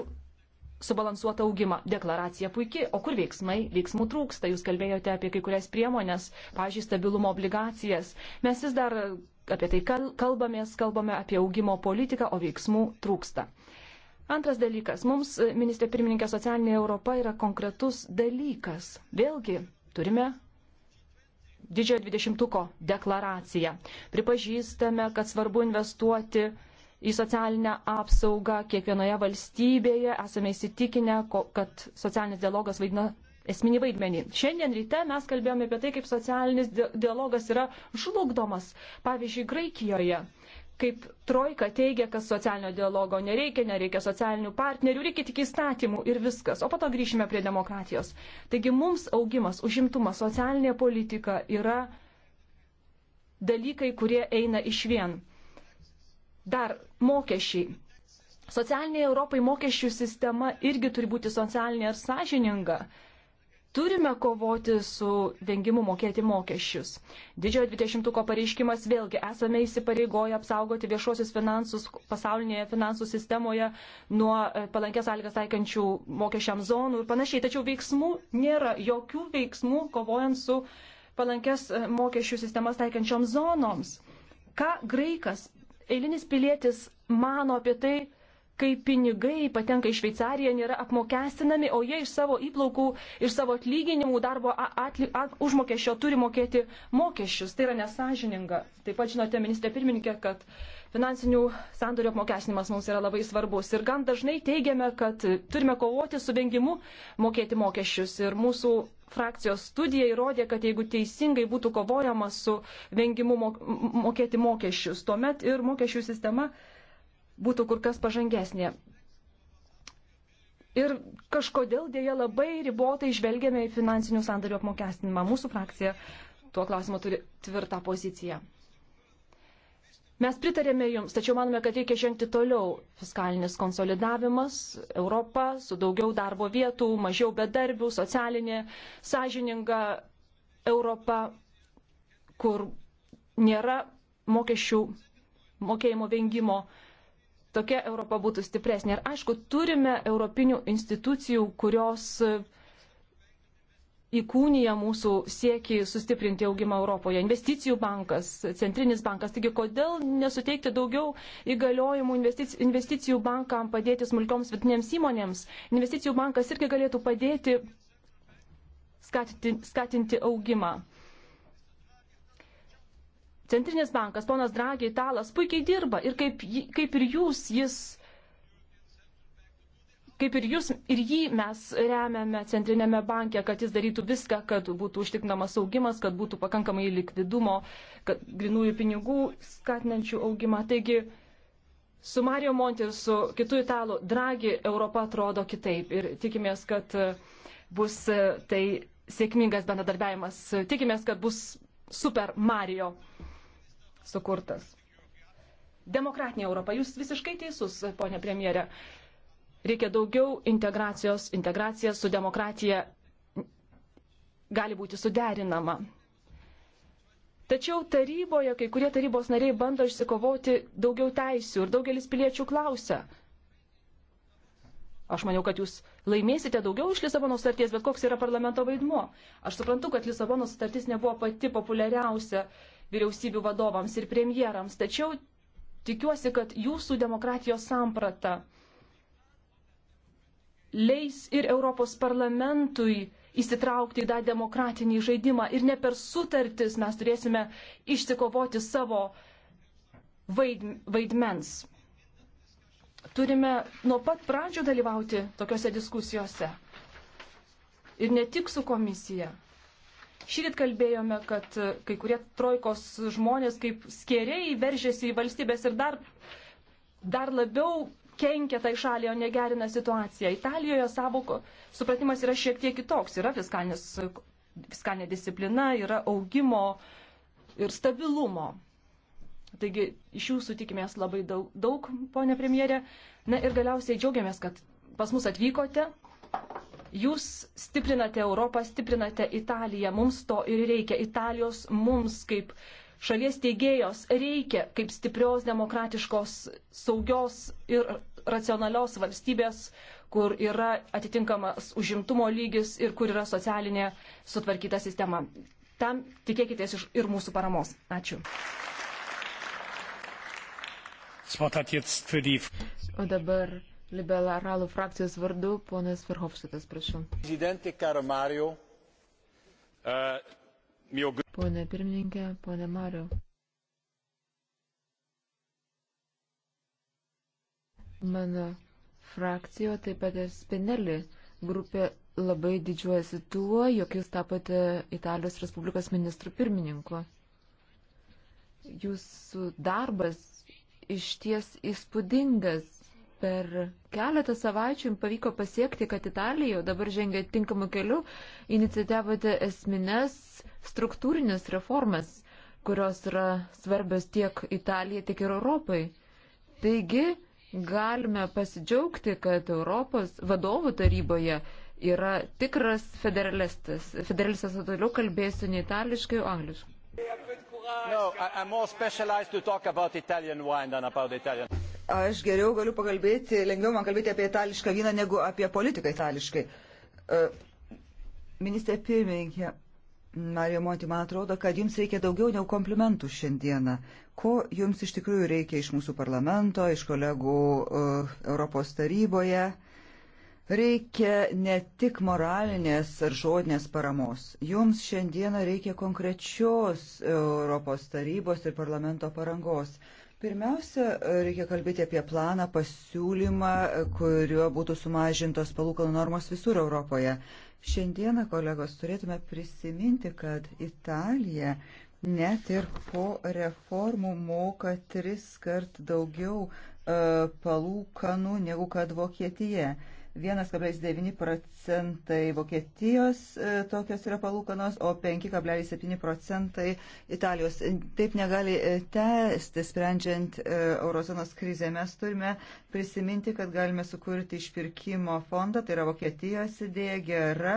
subalansuotą augimą. Deklaracija puikiai, o kur veiksmai? Veiksmų trūksta. Jūs kalbėjote apie kai kurias priemonės, pažiūrėjau, stabilumo obligacijas. Mes vis dar apie tai kalbamės, kalbame apie augimo politiką, o veiksmų trūksta. Antras dalykas. Mums, ministrė pirmininkė, socialinė Europa yra konkretus dalykas. Vėlgi turime didžiojo dvidešimtuko deklaraciją. Pripažįstame, kad svarbu investuoti į socialinę apsaugą kiekvienoje valstybėje. Esame įsitikinę, kad socialinis dialogas vaidina esminį vaidmenį. Šiandien ryte mes kalbėjome apie tai, kaip socialinis dialogas yra žlugdomas. Pavyzdžiui, Graikijoje, kaip Trojka teigia, kad socialinio dialogo nereikia, nereikia socialinių partnerių, reikia tik įstatymų ir viskas. O po to grįšime prie demokratijos. Taigi mums augimas, užimtumas, socialinė politika yra dalykai, kurie eina iš vien. Dar mokesčiai. Socialiniai Europai mokesčių sistema irgi turi būti socialinė ir sąžininga. Turime kovoti su vengimu mokėti mokesčius. Didžiojo 20-ko pareiškimas vėlgi esame įsipareigoję apsaugoti viešuosius finansus pasaulinėje finansų sistemoje nuo e, palankės sąlygas taikančių mokesčiam zonų ir panašiai. Tačiau veiksmų nėra, jokių veiksmų kovojant su palankės e, mokesčių sistemas taikančioms zonoms. Ką graikas eilinis pilietis mano apie tai, kai pinigai patenka į Šveicariją, nėra apmokestinami, o jie iš savo įplaukų, iš savo atlyginimų darbo atli, at, užmokesčio turi mokėti mokesčius. Tai yra nesažininga. Taip pat žinote, ministrė pirmininkė, kad finansinių sandorių apmokestinimas mums yra labai svarbus. Ir gan dažnai teigiame, kad turime kovoti su vengimu mokėti mokesčius. Ir mūsų frakcijos studija įrodė, kad jeigu teisingai būtų kovojama su vengimu mokėti mokesčius, tuomet ir mokesčių sistema būtų kur kas pažangesnė. Ir kažkodėl dėja labai ribotai žvelgiame į finansinių sandarių apmokestinimą. Mūsų frakcija tuo klausimu turi tvirtą poziciją. Mes pritarėme jums, tačiau manome, kad reikia žengti toliau. Fiskalinis konsolidavimas, Europa su daugiau darbo vietų, mažiau bedarbių, socialinė, sąžininga Europa, kur nėra mokesčių mokėjimo vengimo. Tokia Europa būtų stipresnė. Ir aišku, turime europinių institucijų, kurios uh, įkūnija mūsų siekį sustiprinti augimą Europoje. Investicijų bankas, centrinis bankas. Taigi, kodėl nesuteikti daugiau įgaliojimų investicijų bankam padėti smulkioms vidinėms įmonėms? Investicijų bankas irgi galėtų padėti skatinti, skatinti augimą. Centrinis bankas, ponas Dragi, Italas, puikiai dirba ir kaip, kaip ir jūs, jis Kaip ir jūs, ir jį mes remiame centrinėme banke, kad jis darytų viską, kad būtų užtikrinamas augimas, kad būtų pakankamai likvidumo, kad grinųjų pinigų skatinančių augimą. Taigi, su Mario Monti ir su kitu italu Dragi Europa atrodo kitaip ir tikimės, kad e, bus e, tai sėkmingas bendradarbiavimas. Tikimės, kad bus Super Mario sukurtas. Demokratinė Europa. Jūs visiškai teisus, ponė premjerė. Reikia daugiau integracijos. Integracija su demokratija gali būti suderinama. Tačiau taryboje kai kurie tarybos nariai bando išsikovoti daugiau teisių ir daugelis piliečių klausia. Aš maniau, kad jūs laimėsite daugiau iš Lisabono sutarties, bet koks yra parlamento vaidmuo. Aš suprantu, kad Lisabono sutartis nebuvo pati populiariausia vyriausybių vadovams ir premjerams, tačiau tikiuosi, kad jūsų demokratijos samprata leis ir Europos parlamentui įsitraukti į tą demokratinį žaidimą ir ne per sutartis mes turėsime išsikovoti savo vaidmens. Turime nuo pat pradžių dalyvauti tokiuose diskusijose. Ir ne tik su komisija. Šįryt kalbėjome, kad kai kurie trojkos žmonės kaip skėriai veržėsi į valstybės ir dar, dar labiau kenkia tai šaliai, o negerina situaciją. Italijoje savoko supratimas yra šiek tiek kitoks. Yra fiskalinis, fiskalinė disciplina, yra augimo ir stabilumo. Taigi iš jūsų tikimės labai daug, daug ponė premjerė. Na ir galiausiai džiaugiamės, kad pas mus atvykote. Jūs stiprinate Europą, stiprinate Italiją, mums to ir reikia. Italijos mums kaip uh, šalies teigėjos reikia kaip stiprios, demokratiškos, saugios ir racionalios valstybės, kur yra atitinkamas užimtumo lygis ir kur yra socialinė sutvarkyta sistema. Tam tikėkite ir mūsų paramos. Ačiū. O dabar liberalų frakcijos vardu ponas Verhofštatas, prašau. Pone pirmininkė, pone Mariu. Mano frakcijo, taip pat ir Spinelli grupė labai didžiuojasi tuo, jog jūs tapote Italijos Respublikos ministrų pirmininku. Jūsų darbas iš ties įspūdingas. Per keletą savaičių jums pavyko pasiekti, kad Italija dabar žengia tinkamu keliu, inicijavote esmines struktūrinės reformas, kurios yra svarbios tiek Italijai, tiek ir Europai. Taigi galime pasidžiaugti, kad Europos vadovų taryboje yra tikras federalistas. Federalistas toliau kalbėsiu ne itališkai, o angliškai. No, I, Aš geriau galiu pakalbėti, lengviau man kalbėti apie itališką vyną negu apie politiką itališkai. E, ministrė pirmininkė, Mario Monti, man atrodo, kad jums reikia daugiau negu komplimentų šiandieną. Ko jums iš tikrųjų reikia iš mūsų parlamento, iš kolegų uh, Europos taryboje? Reikia ne tik moralinės ar žodinės paramos. Jums šiandieną reikia konkrečios Europos tarybos ir parlamento parangos. Pirmiausia, reikia kalbėti apie planą, pasiūlymą, kuriuo būtų sumažintos palūkanų normos visur Europoje. Šiandieną, kolegos, turėtume prisiminti, kad Italija net ir po reformų moka tris kart daugiau e, palūkanų negu kad Vokietija. E, 1,9 procentai Vokietijos e, tokios yra palūkanos, o 5,7 procentai Italijos. Taip negali e, tęsti, sprendžiant e, eurozonos krizę. Mes turime prisiminti, kad galime sukurti išpirkimo fondą, tai yra Vokietijos idėja gera.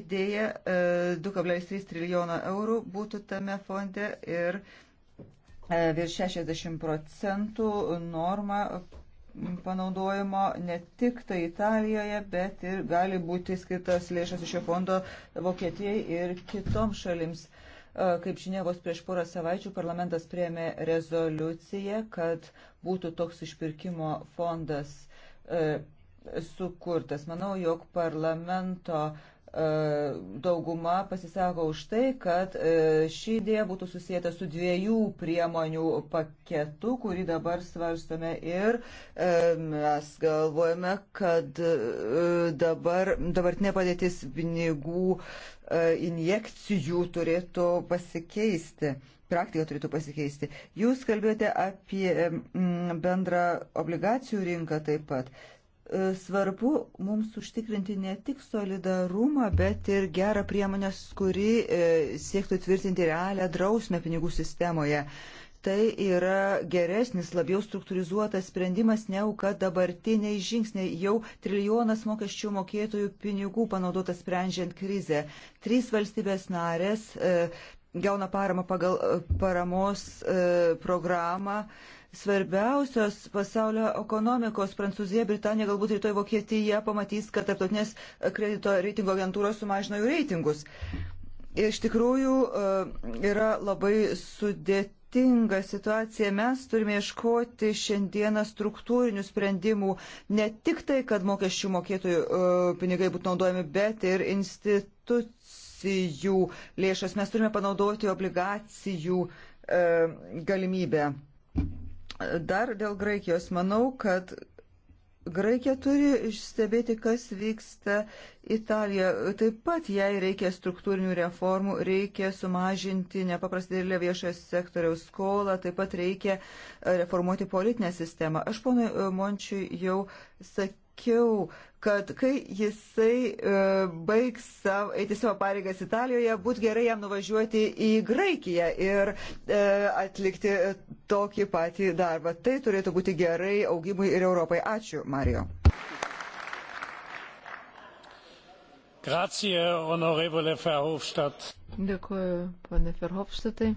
Idėja 2,3 trilijono eurų būtų tame fonde ir virš 60 procentų norma panaudojimo ne tik tai Italijoje, bet ir gali būti skirtas lėšas iš šio fondo Vokietijai ir kitoms šalims. E, kaip žinia, vos prieš porą savaičių parlamentas prieėmė rezoliuciją, kad būtų toks išpirkimo fondas e, sukurtas. Manau, jog parlamento e, E, dauguma pasisako už tai, kad e, ši idėja būtų susijęta su dviejų priemonių paketu, kurį dabar svarstome ir e, mes galvojame, kad dabar, dabartinė padėtis pinigų injekcijų turėtų pasikeisti. Praktika turėtų pasikeisti. Jūs kalbėjote apie bendrą obligacijų rinką taip pat. E, svarbu mums užtikrinti ne tik solidarumą, bet ir gerą priemonės, kuri e, siektų tvirtinti realią drausmę pinigų sistemoje tai yra geresnis, labiau struktūrizuotas sprendimas, negu kad dabartiniai žingsniai. Jau trilijonas mokesčių mokėtojų pinigų panaudotas sprendžiant krizę. Trys valstybės narės e, gauna paramą pagal e, paramos e, programą. E, svarbiausios pasaulio ekonomikos - Prancūzija, Britanija, galbūt rytoj Vokietija pamatys, kad tarptautinės kredito reitingo agentūros sumažino jų reitingus. Iš tikrųjų e, yra labai sudėtinga situacija. Mes turime ieškoti šiandieną struktūrinių sprendimų ne tik tai, kad mokesčių mokėtojų e, pinigai būtų naudojami, bet ir institucijų lėšas. Mes turime panaudoti obligacijų e, galimybę. Dar dėl Graikijos. Manau, kad Graikija turi stebėti, kas vyksta Italija. Taip pat jai reikia struktūrinių reformų, reikia sumažinti nepaprastai didelę viešojo sektoriaus skolą, taip pat reikia e, reformuoti politinę sistemą. Aš ponui e, Mončiui jau sakiau sakiau, kad kai jisai e, baigs savo, eiti savo pareigas Italijoje, būtų gerai jam nuvažiuoti į Graikiją ir e, atlikti tokį patį darbą. Tai turėtų būti gerai augimui ir Europai. Ačiū, Mario. Grazie, honorevole Verhofstadt. Dėkuoju, pane Verhofstadtai.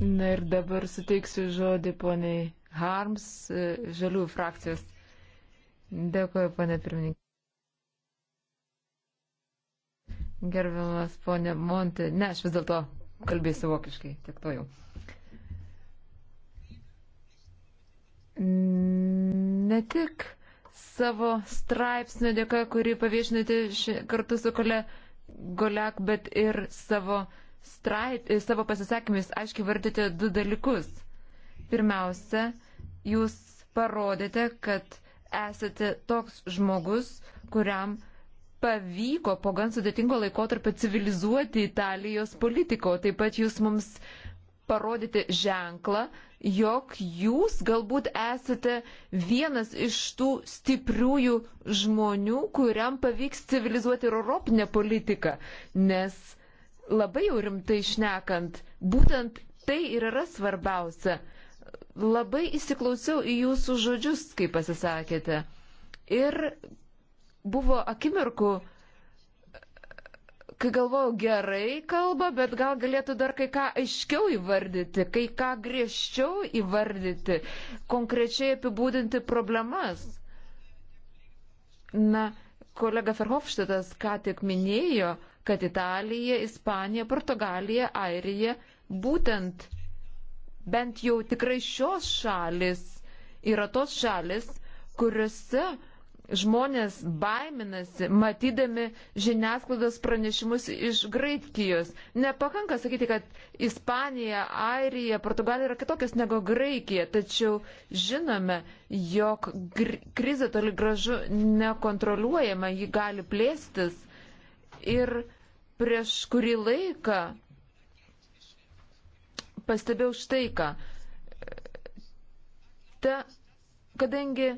Na ir dabar suteiksiu žodį poniai Harms, e, žaliųjų frakcijos. Dėkuoju, pane pirmininkė. Gerbiamas ponė Monti. Ne, aš vis dėlto kalbėsiu vokiškai, tiek to jau. Ne tik savo straipsnio dėka, kurį paviešinote kartu su kole Goliak, bet ir savo, straip, e, savo pasisakymais aiškiai vardėte du dalykus – pirmiausia, jūs parodėte, kad esate toks žmogus, kuriam pavyko po gan sudėtingo laikotarpio civilizuoti Italijos politiko. Taip pat jūs mums parodėte ženklą, jog jūs galbūt esate vienas iš tų stipriųjų žmonių, kuriam pavyks civilizuoti ir europinę politiką. Nes labai jau rimtai išnekant, būtent tai ir yra svarbiausia labai įsiklausiau į jūsų žodžius, kai pasisakėte. Ir buvo akimirkų, kai galvojau, gerai kalba, bet gal galėtų dar kai ką aiškiau įvardyti, kai ką griežčiau įvardyti, konkrečiai apibūdinti problemas. Na, kolega Ferhofštatas ką tik minėjo, kad Italija, Ispanija, Portugalija, Airija būtent bent jau tikrai šios šalis yra tos šalis, kuriuose žmonės baiminasi, matydami žiniasklaidos pranešimus iš Graikijos. Nepakanka sakyti, kad Ispanija, Airija, Portugalija yra kitokios negu Graikija, tačiau žinome, jog krizė toli gražu nekontroliuojama, ji gali plėstis. Ir prieš kurį laiką pastebėjau štai ką. Ta, kadangi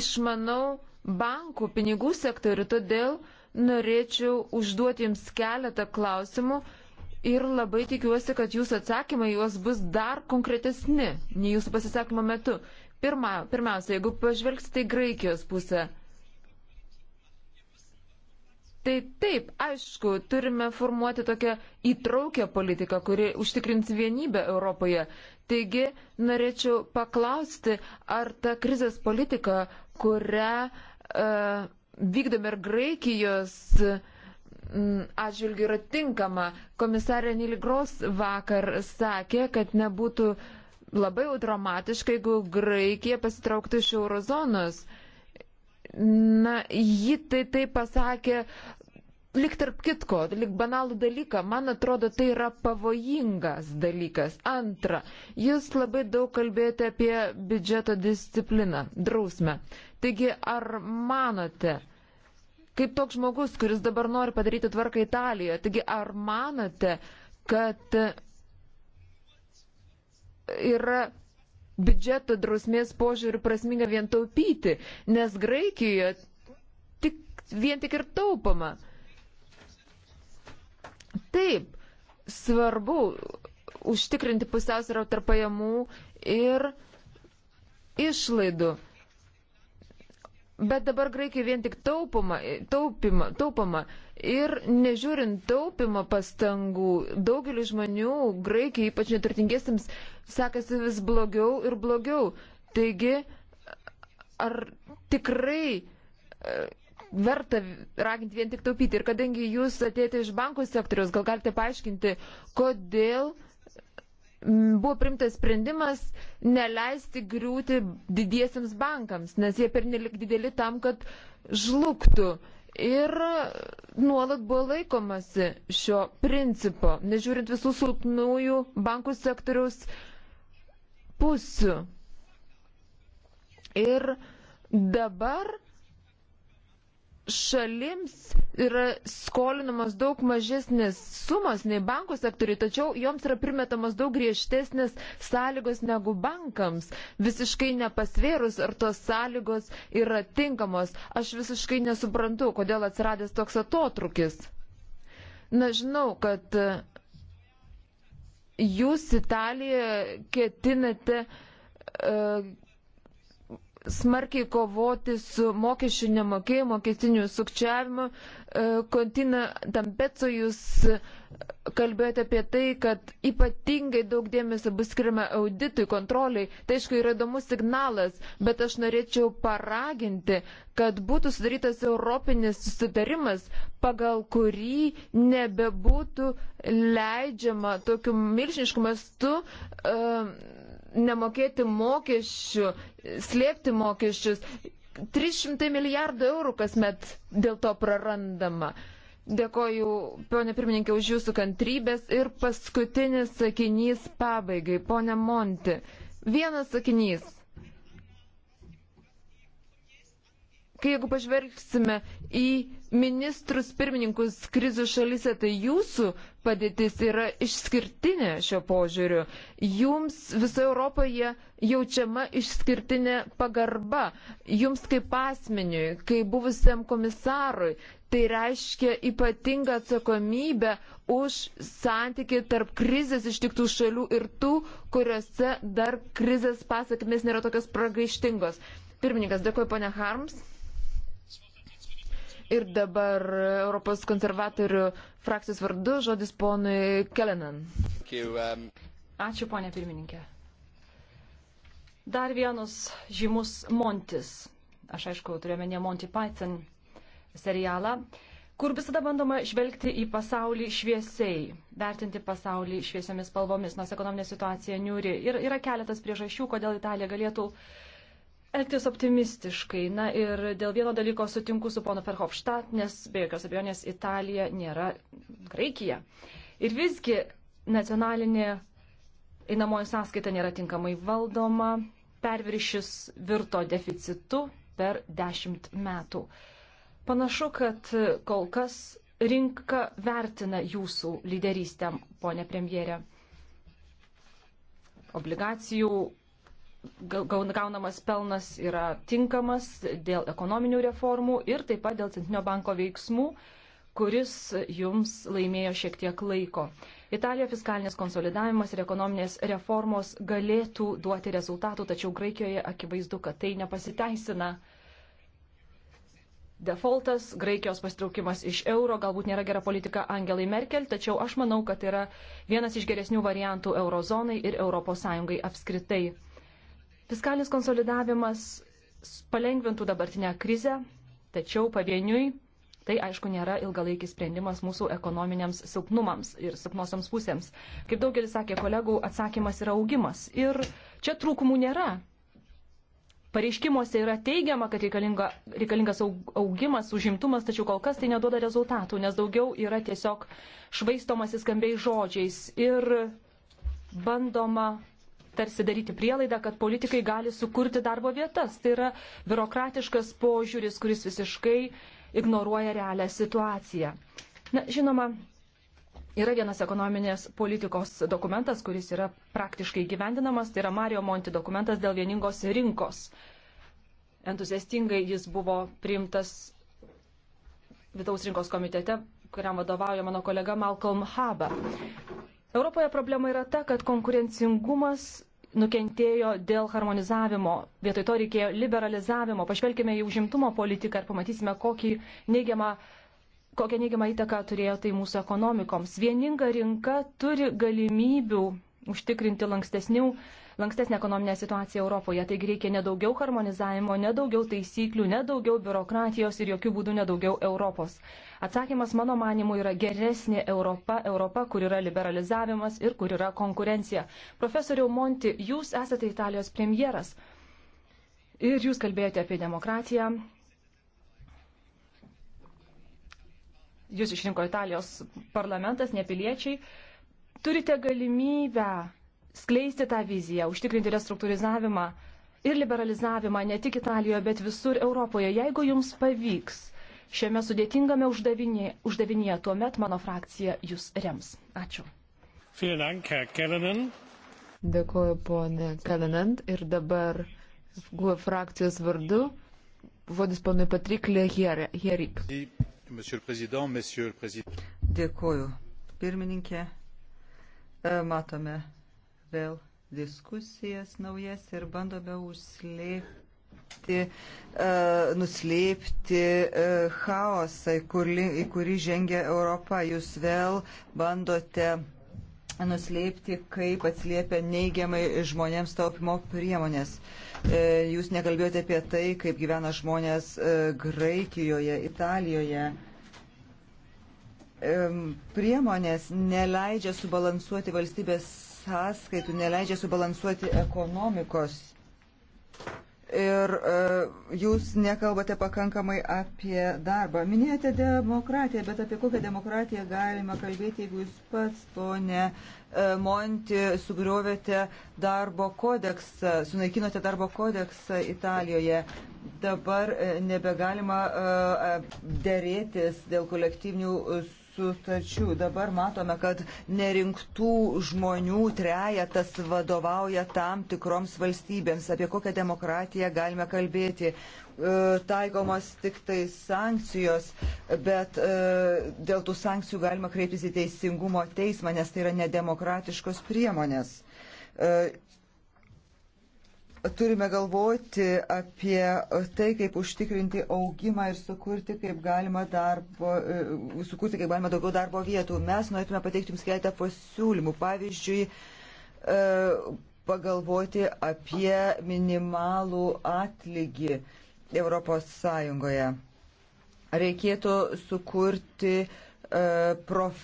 išmanau bankų pinigų sektorių, todėl norėčiau užduoti jums keletą klausimų ir labai tikiuosi, kad jūsų atsakymai juos bus dar konkretesni nei jūsų pasisakymo metu. Pirma, pirmiausia, jeigu pažvelgsite į Graikijos pusę, Tai taip, aišku, turime formuoti tokią įtraukę politiką, kuri užtikrins vienybę Europoje. Taigi, norėčiau paklausti, ar ta krizės politika, kurią uh, vykdome ir Graikijos atžvilgių yra tinkama. Komisarė Niligros vakar sakė, kad nebūtų labai dramatiška, jeigu Graikija pasitrauktų iš eurozonos. Uh, Na, ji tai, tai pasakė, lik tarp kitko, lik banalų dalyką, man atrodo, tai yra pavojingas dalykas. Antra, jūs labai daug kalbėjote apie biudžeto discipliną, drausmę. Taigi, ar manote, kaip toks žmogus, kuris dabar nori padaryti tvarką Italijoje, taigi ar manote, kad yra biudžeto drausmės požiūrių prasminga vien taupyti, nes Graikijoje tik, vien tik ir taupama. Taip, svarbu užtikrinti pusiausvyrą tarp pajamų ir išlaidų. Bet dabar Graikija vien tik taupoma, taupima, taupama ir nežiūrint taupimo pastangų, daugelis žmonių Graikijai, ypač neturtingiesiams, sekasi vis blogiau ir blogiau. Taigi, ar tikrai e, verta raginti vien tik taupyti? Ir kadangi jūs atėjote iš bankų sektoriaus, gal galite paaiškinti, kodėl buvo primtas sprendimas neleisti griūti didiesiams bankams, nes jie pernelik dideli tam, kad žlugtų. Ir nuolat buvo laikomasi šio principo, nežiūrint visų silpnųjų bankų sektoriaus uh, pusių. Ir dabar šalims yra skolinamos daug mažesnės sumos nei bankų sektoriai, tačiau joms yra primetamos daug griežtesnės sąlygos negu bankams, visiškai nepasvėrus, ar tos sąlygos yra tinkamos. Aš visiškai nesuprantu, kodėl atsiradęs toks atotrukis. Na, žinau, kad jūs Italijoje ketinate uh, smarkiai kovoti su mokesčių nemokėjimu, mokestiniu sukčiavimu. E, Kontina Tampeco jūs e, kalbėjote apie tai, kad ypatingai daug dėmesio bus skiriama auditui, kontroliai. Tai aišku yra įdomus signalas, bet aš norėčiau paraginti, kad būtų sudarytas europinis susitarimas, pagal kurį nebebūtų leidžiama tokiu milžinišku mastu uh, nemokėti mokesčių, slėpti mokesčius. 300 milijardų eurų kasmet dėl to prarandama. Dėkoju, ponė pirmininkė, už jūsų kantrybės ir paskutinis sakinys pabaigai, ponė Monti. Vienas sakinys. Kai jeigu pažvelgsime į ministrus pirmininkus krizių šalyse, tai jūsų padėtis yra išskirtinė šio požiūriu. Jums visoje Europoje jaučiama išskirtinė pagarba. Jums kaip asmeniui, kaip buvusiam komisarui, tai reiškia ypatingą atsakomybę už santyki tarp krizės ištiktų šalių ir tų, kuriuose dar krizės pasakmės nėra tokios pragaištingos. Pirmininkas, dėkuoju, ponia Harms. Ir dabar Europos konservatorių frakcijos vardu žodis ponui Kelenan. Um, Ačiū, ponė pirmininkė. Dar vienas žymus Montis. Aš aišku, turėjome ne Monty Python serialą, kur visada bandoma žvelgti į pasaulį šviesiai, vertinti pasaulį šviesiomis spalvomis, nors ekonominė situacija niūri. Ir yra keletas priežasčių, kodėl Italija galėtų uh, elgtis optimistiškai. Na ir dėl vieno dalyko sutinku su pono Ferhofštat, nes be jokios abejonės Italija nėra Graikija. Ir visgi nacionalinė einamoji sąskaita nėra tinkamai valdoma, perviršis virto deficitu per dešimt metų. Panašu, kad kol kas rinka vertina jūsų lyderystę, ponė premjerė. Obligacijų gaunamas pelnas yra tinkamas dėl ekonominių reformų ir taip pat dėl Centrinio banko veiksmų, kuris jums laimėjo šiek tiek laiko. Italija fiskalinės konsolidavimas ir ekonominės reformos galėtų duoti rezultatų, tačiau Graikijoje akivaizdu, kad tai nepasiteisina. Defaultas, Graikijos pastraukimas iš euro, galbūt nėra gera politika Angelai Merkel, tačiau aš manau, kad yra vienas iš geresnių variantų eurozonai ir ES apskritai. Fiskalinis konsolidavimas palengvintų dabartinę krizę, tačiau pavieniui tai aišku nėra ilgalaikis sprendimas mūsų ekonominiams silpnumams ir silpnosioms pusėms. Kaip daugelis sakė kolegų, atsakymas yra augimas. Ir čia trūkumų nėra. Pareiškimuose yra teigiama, kad reikalinga, reikalingas augimas, užimtumas, tačiau kol kas tai neduoda rezultatų, nes daugiau yra tiesiog švaistomasi skambiais žodžiais ir bandoma tarsi daryti prielaidą, kad politikai gali sukurti darbo vietas. Tai yra biurokratiškas požiūris, kuris visiškai ignoruoja realią situaciją. Na, žinoma, Yra vienas ekonominės politikos dokumentas, kuris yra praktiškai gyvendinamas, tai yra Mario Monti dokumentas dėl vieningos rinkos. Entuziastingai jis buvo priimtas vidaus rinkos komitete, kuriam vadovauja mano kolega Malcolm Haba. Europoje problema yra ta, kad konkurencingumas nukentėjo dėl harmonizavimo, vietoj to reikėjo liberalizavimo. Pažvelkime į užimtumo politiką ir pamatysime, kokį neigiamą, kokią neigiamą įtaką turėjo tai mūsų ekonomikoms. Vieninga rinka turi galimybių užtikrinti lankstesnių, lankstesnę ekonominę situaciją Europoje. Taigi reikia nedaugiau harmonizavimo, nedaugiau taisyklių, nedaugiau biurokratijos ir jokių būdų nedaugiau Europos. Atsakymas mano manimu yra geresnė Europa, Europa, kur yra liberalizavimas ir kur yra konkurencija. Profesoriau Monti, jūs esate Italijos premjeras ir jūs kalbėjote apie demokratiją. Jūs išrinko Italijos parlamentas, nepiliečiai. piliečiai turite galimybę skleisti tą viziją, užtikrinti restruktūrizavimą ir liberalizavimą ne tik Italijoje, bet visur Europoje. Jeigu jums pavyks šiame sudėtingame uždavinėje, uždavinėje tuomet mano frakcija jūs rems. Ačiū. Dėkuoju, ponė Kalinant. Ir dabar GUE frakcijos vardu vodis ponui Patriklė Herik. Dėkuoju, pirmininkė, E, matome vėl diskusijas naujas ir bandome užslėpti, uh, nuslėpti uh, chaosą, į kurį, į kurį žengia Europa. Jūs vėl bandote nuslėpti, kaip atsiliepia neigiamai žmonėms taupimo priemonės. Jūs nekalbėjote apie tai, kaip gyvena žmonės Graikijoje, Italijoje priemonės neleidžia subalansuoti valstybės sąskaitų, neleidžia subalansuoti ekonomikos. Ir e, jūs nekalbate pakankamai apie darbą. Minėjote demokratiją, bet apie kokią demokratiją galima kalbėti, jeigu jūs pats, ponė e, Monti, sugriovėte darbo kodeksą, sunaikinote darbo kodeksą Italijoje. Dabar e, nebegalima dėrėtis dėl kolektyvinių sutarčių. Dabar matome, kad nerinktų žmonių trejatas vadovauja tam tikroms valstybėms. Apie kokią demokratiją galime kalbėti? E, taikomos tik tai sankcijos, bet e, dėl tų sankcijų galima kreiptis į teisingumo teismą, nes tai yra nedemokratiškos priemonės e, Turime galvoti apie tai, kaip užtikrinti augimą ir sukurti kaip galima, darbo, e, sukurti kaip galima daugiau darbo vietų. Mes norėtume pateikti Jums keletą pasiūlymų. Pavyzdžiui, e, pagalvoti apie minimalų atlygį Europos Sąjungoje. Reikėtų sukurti e, prof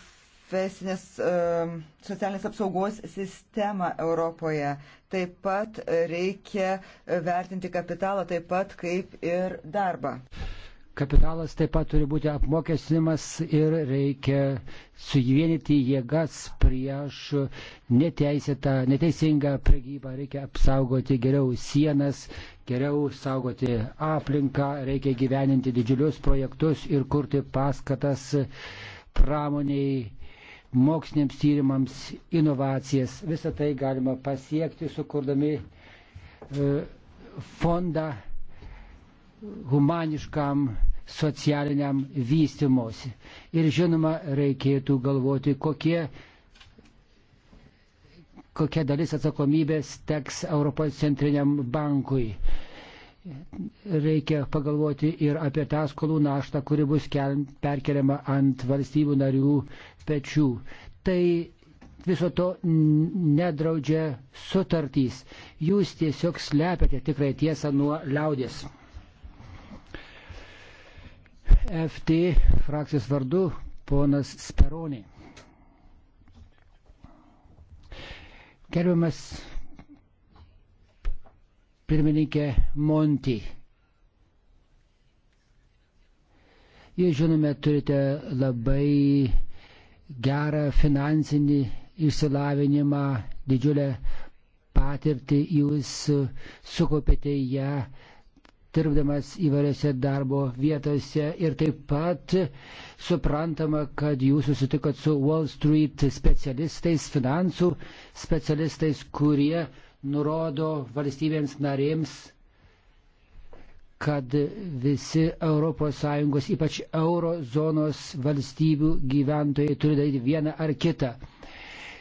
profesinės socialinės apsaugos sistemą Europoje. Taip pat reikia vertinti kapitalą taip pat kaip ir darbą. Kapitalas taip pat turi būti apmokestinimas ir reikia suvienyti jėgas prieš neteisėtą, neteisingą prekybą. Reikia apsaugoti geriau sienas, geriau saugoti aplinką, reikia gyveninti didžiulius projektus ir kurti paskatas pramoniai moksliniams tyrimams, inovacijas. Visą tai galima pasiekti, sukurdami e, fondą humaniškam socialiniam vystimosi. Ir žinoma, reikėtų galvoti, kokie, kokia dalis atsakomybės teks Europos centriniam bankui reikia pagalvoti ir apie tą skolų naštą, kuri bus perkeliama ant valstybių narių pečių. Tai viso to nedraudžia sutartys. Jūs tiesiog slepiate tikrai tiesą nuo liaudės. FT frakcijos vardu ponas Speronė. Gerbiamas pirmininkė Monti. Jūs žinome, turite labai gerą finansinį išsilavinimą, didžiulę patirtį, jūs sukaupėte ją dirbdamas įvairiose darbo vietose ir taip pat suprantama, kad jūs susitikot su Wall Street specialistais, finansų specialistais, kurie nurodo valstybėms narėms, kad visi ES, ypač eurozonos valstybių gyventojai turi daryti vieną ar kitą.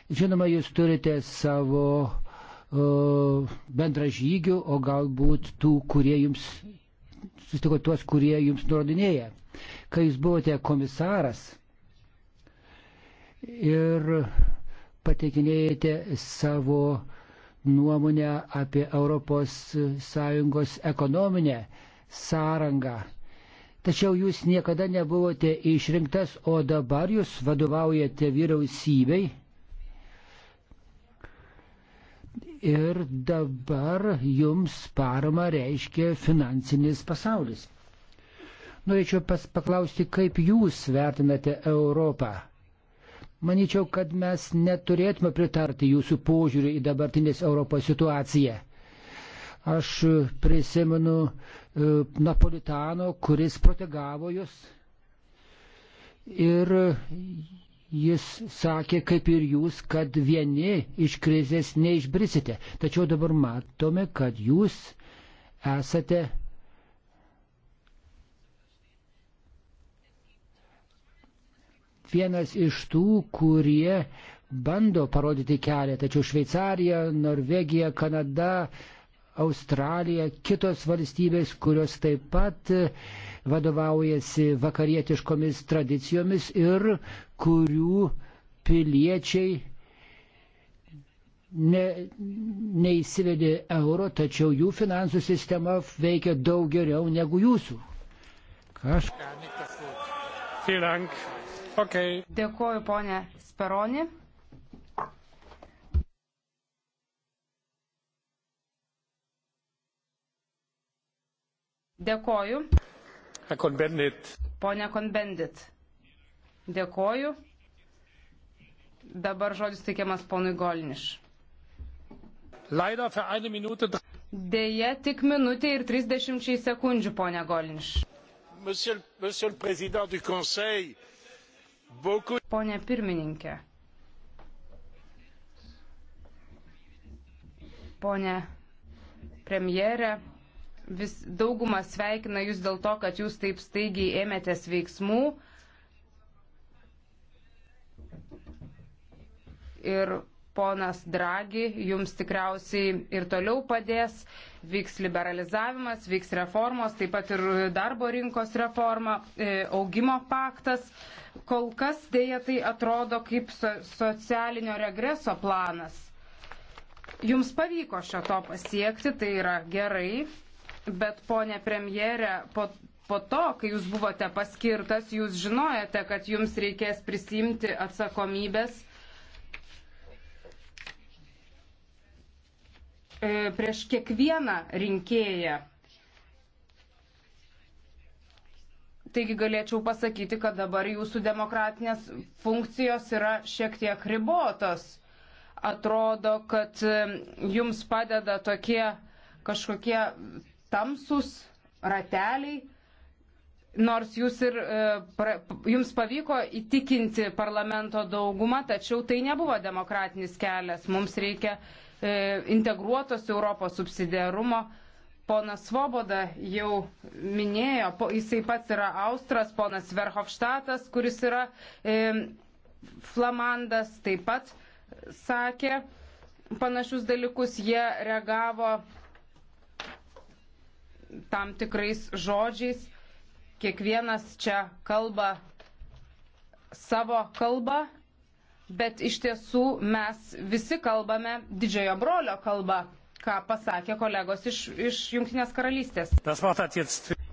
Žinoma, jūs turite savo uh, bendražygių, o galbūt tų, kurie jums, susitiko tuos, kurie jums nurodinėja. Kai jūs buvote komisaras ir pateikinėjate savo uh, nuomonę apie ES ekonominę sąrangą. Tačiau jūs niekada nebuvote išrinktas, o dabar jūs vadovaujate vyriausybei. Ir dabar jums parama reiškia finansinis pasaulis. Norėčiau paklausti, kaip jūs vertinate Europą? Maničiau, kad mes neturėtume pritarti jūsų požiūrį į dabartinės Europos situaciją. Aš prisimenu e, Napolitano, kuris protegavo jūs ir jis sakė, kaip ir jūs, kad vieni iš krizės neišbrisite. Tačiau dabar matome, kad jūs esate vienas iš tų, kurie bando parodyti kelią, tačiau Šveicarija, Norvegija, Kanada, Australija, kitos valstybės, kurios taip pat vadovaujasi vakarietiškomis tradicijomis ir kurių piliečiai ne, neįsivedė euro, tačiau jų finansų sistema veikia daug geriau negu jūsų. Aš. Vielen Dank. Okay. Dėkuoju, ponė Speroni. Dėkoju. Konbendit. Pone Konbendit. Dėkoju. Dabar žodis teikiamas ponui Golniš. Deja, tik minutė ir 30 sekundžių, ponė Golniš. Monsieur, monsieur le président du conseil, beaucoup... Pone pirmininkė. Pone premjerė, vis daugumą sveikina jūs dėl to, kad jūs taip staigiai ėmėtės veiksmų. Ir ponas Dragi jums tikriausiai ir toliau padės. Vyks liberalizavimas, vyks reformos, taip pat ir darbo rinkos reforma, e, augimo paktas. Kol kas dėja tai atrodo kaip so socialinio regreso planas. Jums pavyko šio to pasiekti, tai yra gerai, bet ponė premjerė, po po to, kai jūs buvote paskirtas, jūs žinojate, kad jums reikės prisimti atsakomybės E, prieš kiekvieną rinkėją. Taigi galėčiau pasakyti, kad dabar jūsų demokratinės funkcijos yra šiek tiek ribotos. Atrodo, kad e, jums padeda tokie kažkokie tamsus rateliai, nors jūs ir, e, jums pavyko įtikinti parlamento daugumą, tačiau tai nebuvo demokratinis kelias. Mums reikia E, integruotos Europos subsidiarumo. Ponas Svoboda jau minėjo, jisai pats yra Austras, ponas Verhofštatas, kuris yra e, Flamandas, taip pat sakė panašius dalykus, jie reagavo tam tikrais žodžiais, kiekvienas čia kalba savo kalbą bet iš tiesų mes visi kalbame didžiojo brolio kalbą, ką pasakė kolegos iš, iš Junktinės karalystės.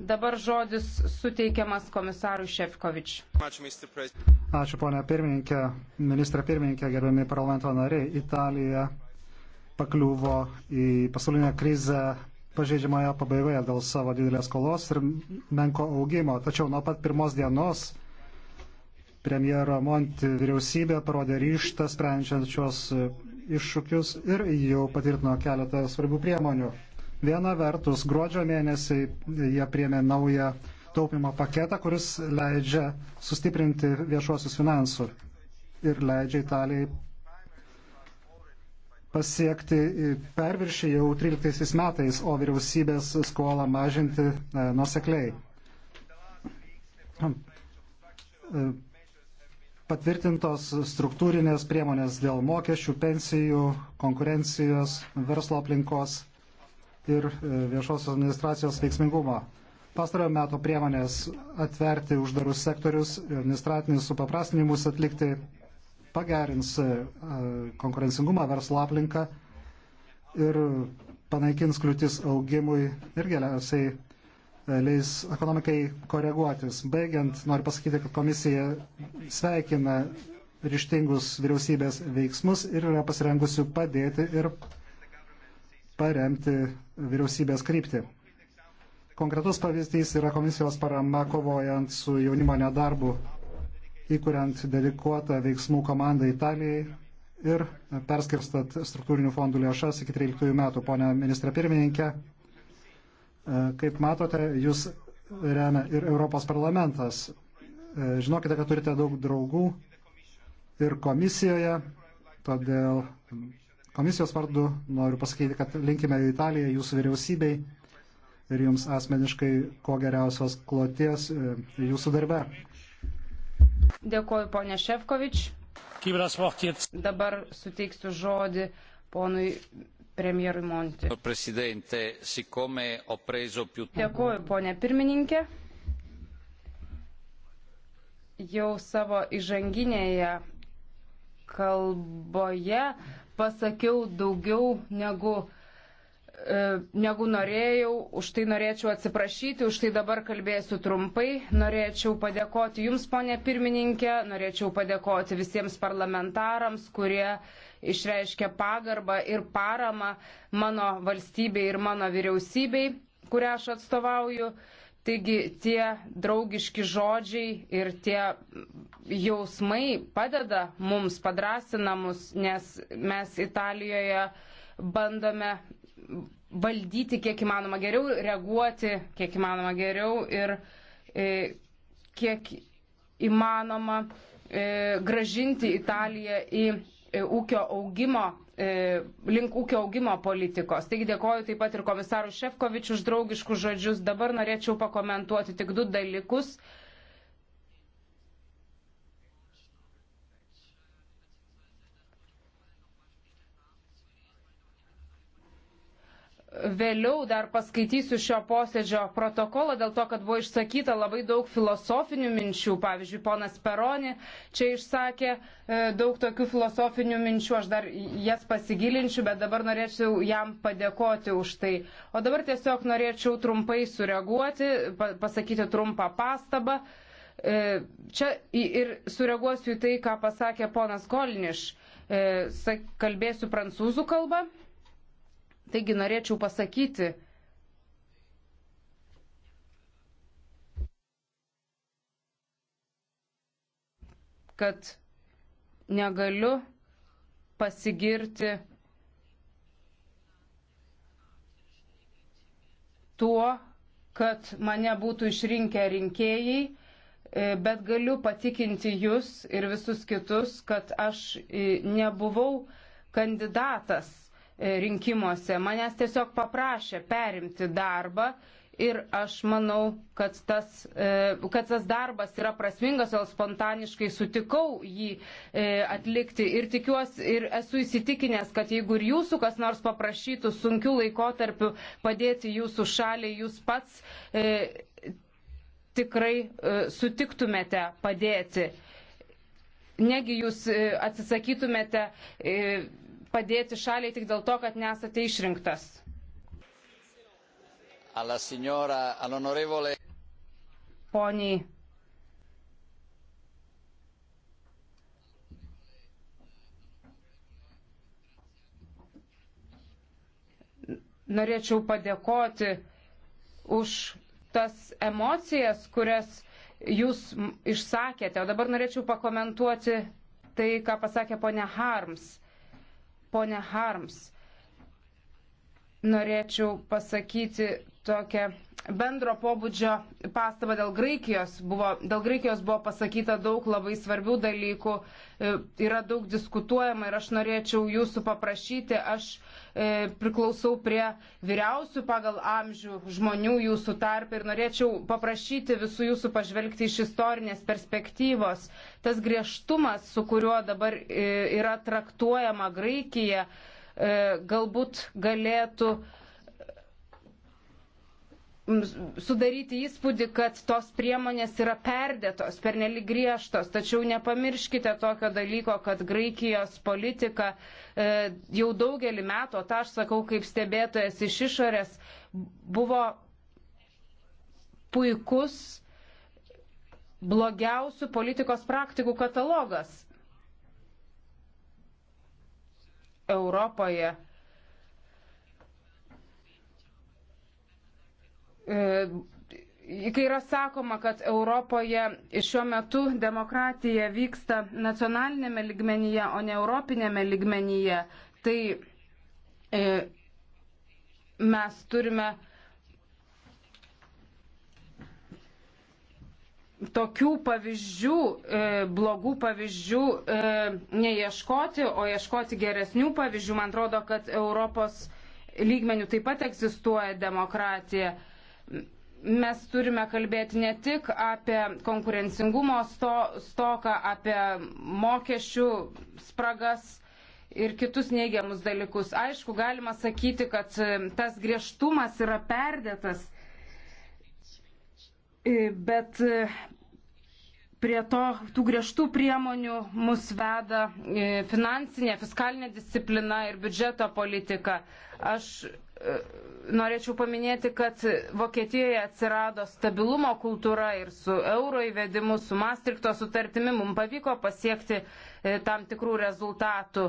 Dabar žodis suteikiamas komisarui Šefkovič. Ačiū, ponia pirmininkė, ministra pirmininkė, gerbiami parlamento nariai. Italija pakliuvo į pasaulinę krizę pažeidžiamoje pabaigoje dėl savo didelės skolos ir menko augimo. Tačiau nuo pat pirmos dienos premjero Monti vyriausybė parodė ryštą sprendžiant šios e, iššūkius ir jau patvirtino keletą svarbių priemonių. Viena vertus, gruodžio mėnesį jie priemė naują taupimo paketą, kuris leidžia sustiprinti viešuosius finansų ir leidžia Italijai pasiekti perviršį jau 13 metais, o vyriausybės skolą mažinti e, nusekliai e, patvirtintos struktūrinės priemonės dėl mokesčių, pensijų, konkurencijos, verslo aplinkos ir e, viešosios administracijos veiksmingumo. Pastarojo meto priemonės atverti uždarus sektorius ir administratinius supaprastinimus atlikti pagerins e, konkurencingumą, verslo aplinką ir panaikins kliūtis augimui ir galiausiai E, leis ekonomikai koreguotis. Baigiant, noriu pasakyti, kad komisija sveikina ryštingus vyriausybės veiksmus ir yra pasirengusi padėti ir paremti vyriausybės kryptį. Konkretus pavyzdys yra komisijos parama kovojant su jaunimo nedarbu, įkuriant dedikuotą veiksmų komandą Italijai ir perskirstat struktūrinių fondų lėšas iki 13 metų. Pone ministra pirmininkė, E, kaip matote, jūs remia ir Europos parlamentas. E, žinokite, kad turite daug draugų ir komisijoje, todėl komisijos vardu noriu pasakyti, kad linkime Italiją jūsų vyriausybei ir jums asmeniškai ko geriausios kloties e, jūsų darbe. Dėkoju, ponė Šefkovič. Dabar suteiksiu žodį ponui premjerui Monti. Dėkuoju, ponė pirmininkė. Jau savo įžanginėje kalboje pasakiau daugiau negu e, negu norėjau, už tai norėčiau atsiprašyti, už tai dabar kalbėsiu trumpai. Norėčiau padėkoti Jums, ponė pirmininkė, norėčiau padėkoti visiems parlamentarams, kurie uh, išreiškė pagarbą ir paramą mano valstybei ir mano vyriausybei, kurią aš atstovauju. Taigi tie draugiški žodžiai ir tie jausmai padeda mums, padrasina mus, nes mes Italijoje bandome valdyti kiek įmanoma geriau, reaguoti kiek įmanoma geriau ir e, kiek įmanoma e, gražinti Italiją į E, ūkio augimo e, link ūkio augimo politikos. Taigi dėkoju taip pat ir komisarui Šefkovičiu už draugiškus žodžius. Dabar norėčiau pakomentuoti tik du dalykus. Vėliau dar paskaitysiu šio posėdžio protokolą dėl to, kad buvo išsakyta labai daug filosofinių minčių. Pavyzdžiui, ponas Peroni čia išsakė e, daug tokių filosofinių minčių, aš dar jas pasigilinsiu, bet dabar norėčiau jam padėkoti už tai. O dabar tiesiog norėčiau trumpai sureaguoti, pasakyti trumpą pastabą. E, čia ir sureaguosiu į tai, ką pasakė ponas Golniš. E, kalbėsiu prancūzų kalbą. Taigi norėčiau pasakyti, kad negaliu pasigirti tuo, kad mane būtų išrinkę rinkėjai, e, bet galiu patikinti jūs ir visus kitus, kad aš e, nebuvau kandidatas E, rinkimuose. Manęs tiesiog paprašė perimti darbą ir aš manau, kad tas, e, kad tas darbas yra prasmingas, o spontaniškai sutikau jį e, atlikti ir tikiuosi ir esu įsitikinęs, kad jeigu ir jūsų kas nors paprašytų sunkių laikotarpių padėti jūsų šaliai, jūs pats tikrai sutiktumėte padėti. Negi jūs atsisakytumėte padėti šaliai tik dėl to, kad nesate išrinktas. Poniai. Norėčiau padėkoti už tas emocijas, kurias jūs išsakėte. O dabar norėčiau pakomentuoti tai, ką pasakė ponia Harms. Pone Harms, norėčiau pasakyti tokią bendro pobūdžio pastabą dėl Graikijos. Buvo, dėl Graikijos buvo pasakyta daug labai svarbių dalykų, e, yra daug diskutuojama ir aš norėčiau jūsų paprašyti, aš e, priklausau prie vyriausių pagal amžių žmonių jūsų tarp ir norėčiau paprašyti visų jūsų pažvelgti iš istorinės perspektyvos. Tas griežtumas, su kuriuo dabar e, yra traktuojama Graikija, e, galbūt galėtų e, sudaryti įspūdį, kad tos priemonės yra perdėtos, pernelik griežtos. Tačiau nepamirškite tokio dalyko, kad Graikijos politika e, jau daugelį metų, o tą aš sakau kaip stebėtojas iš išorės, buvo puikus blogiausių politikos praktikų katalogas. Europoje E, kai yra sakoma, kad Europoje šiuo metu demokratija vyksta nacionalinėme ligmenyje, o ne europinėme ligmenyje, tai e, mes turime tokių pavyzdžių, e, blogų pavyzdžių e, neieškoti, o ieškoti geresnių pavyzdžių. Man atrodo, kad Europos lygmenių taip pat egzistuoja demokratija. E, mes turime kalbėti ne tik apie konkurencingumo stoką, apie mokesčių spragas ir kitus neigiamus dalykus. Aišku, galima sakyti, kad e, tas griežtumas yra perdėtas, e, bet e, prie to, tų griežtų priemonių mus veda e, finansinė, fiskalinė disciplina ir biudžeto politika. Aš e, norėčiau paminėti, kad Vokietijoje atsirado stabilumo kultūra ir su euro įvedimu, su Maastrichto sutartimi mums pavyko pasiekti e, tam tikrų rezultatų.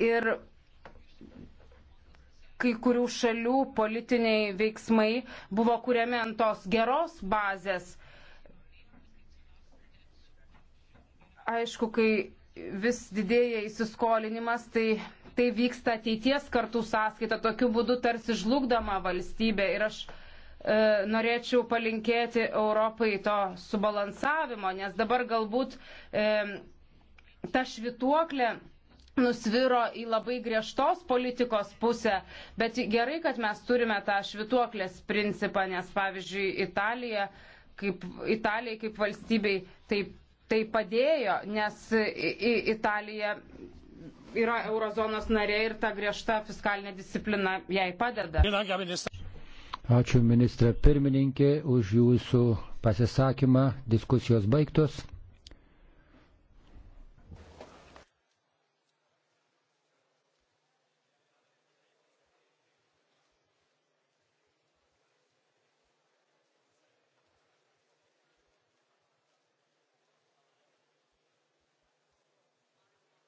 Ir kai kurių šalių politiniai veiksmai buvo kuriami ant tos geros bazės aišku, kai vis didėja įsiskolinimas, tai tai vyksta ateities kartų sąskaita, tokiu būdu tarsi žlugdama valstybė. Ir aš e, norėčiau palinkėti Europai to subalansavimo, nes dabar galbūt e, ta švituoklė nusviro į labai griežtos politikos pusę, bet gerai, kad mes turime tą švituoklės principą, nes pavyzdžiui, Italija, kaip, Italijai kaip valstybei taip tai padėjo, nes Italija yra eurozonos narė ir ta griežta fiskalinė disciplina jai padeda. Ačiū ministrė pirmininkė už jūsų pasisakymą. Diskusijos baigtos.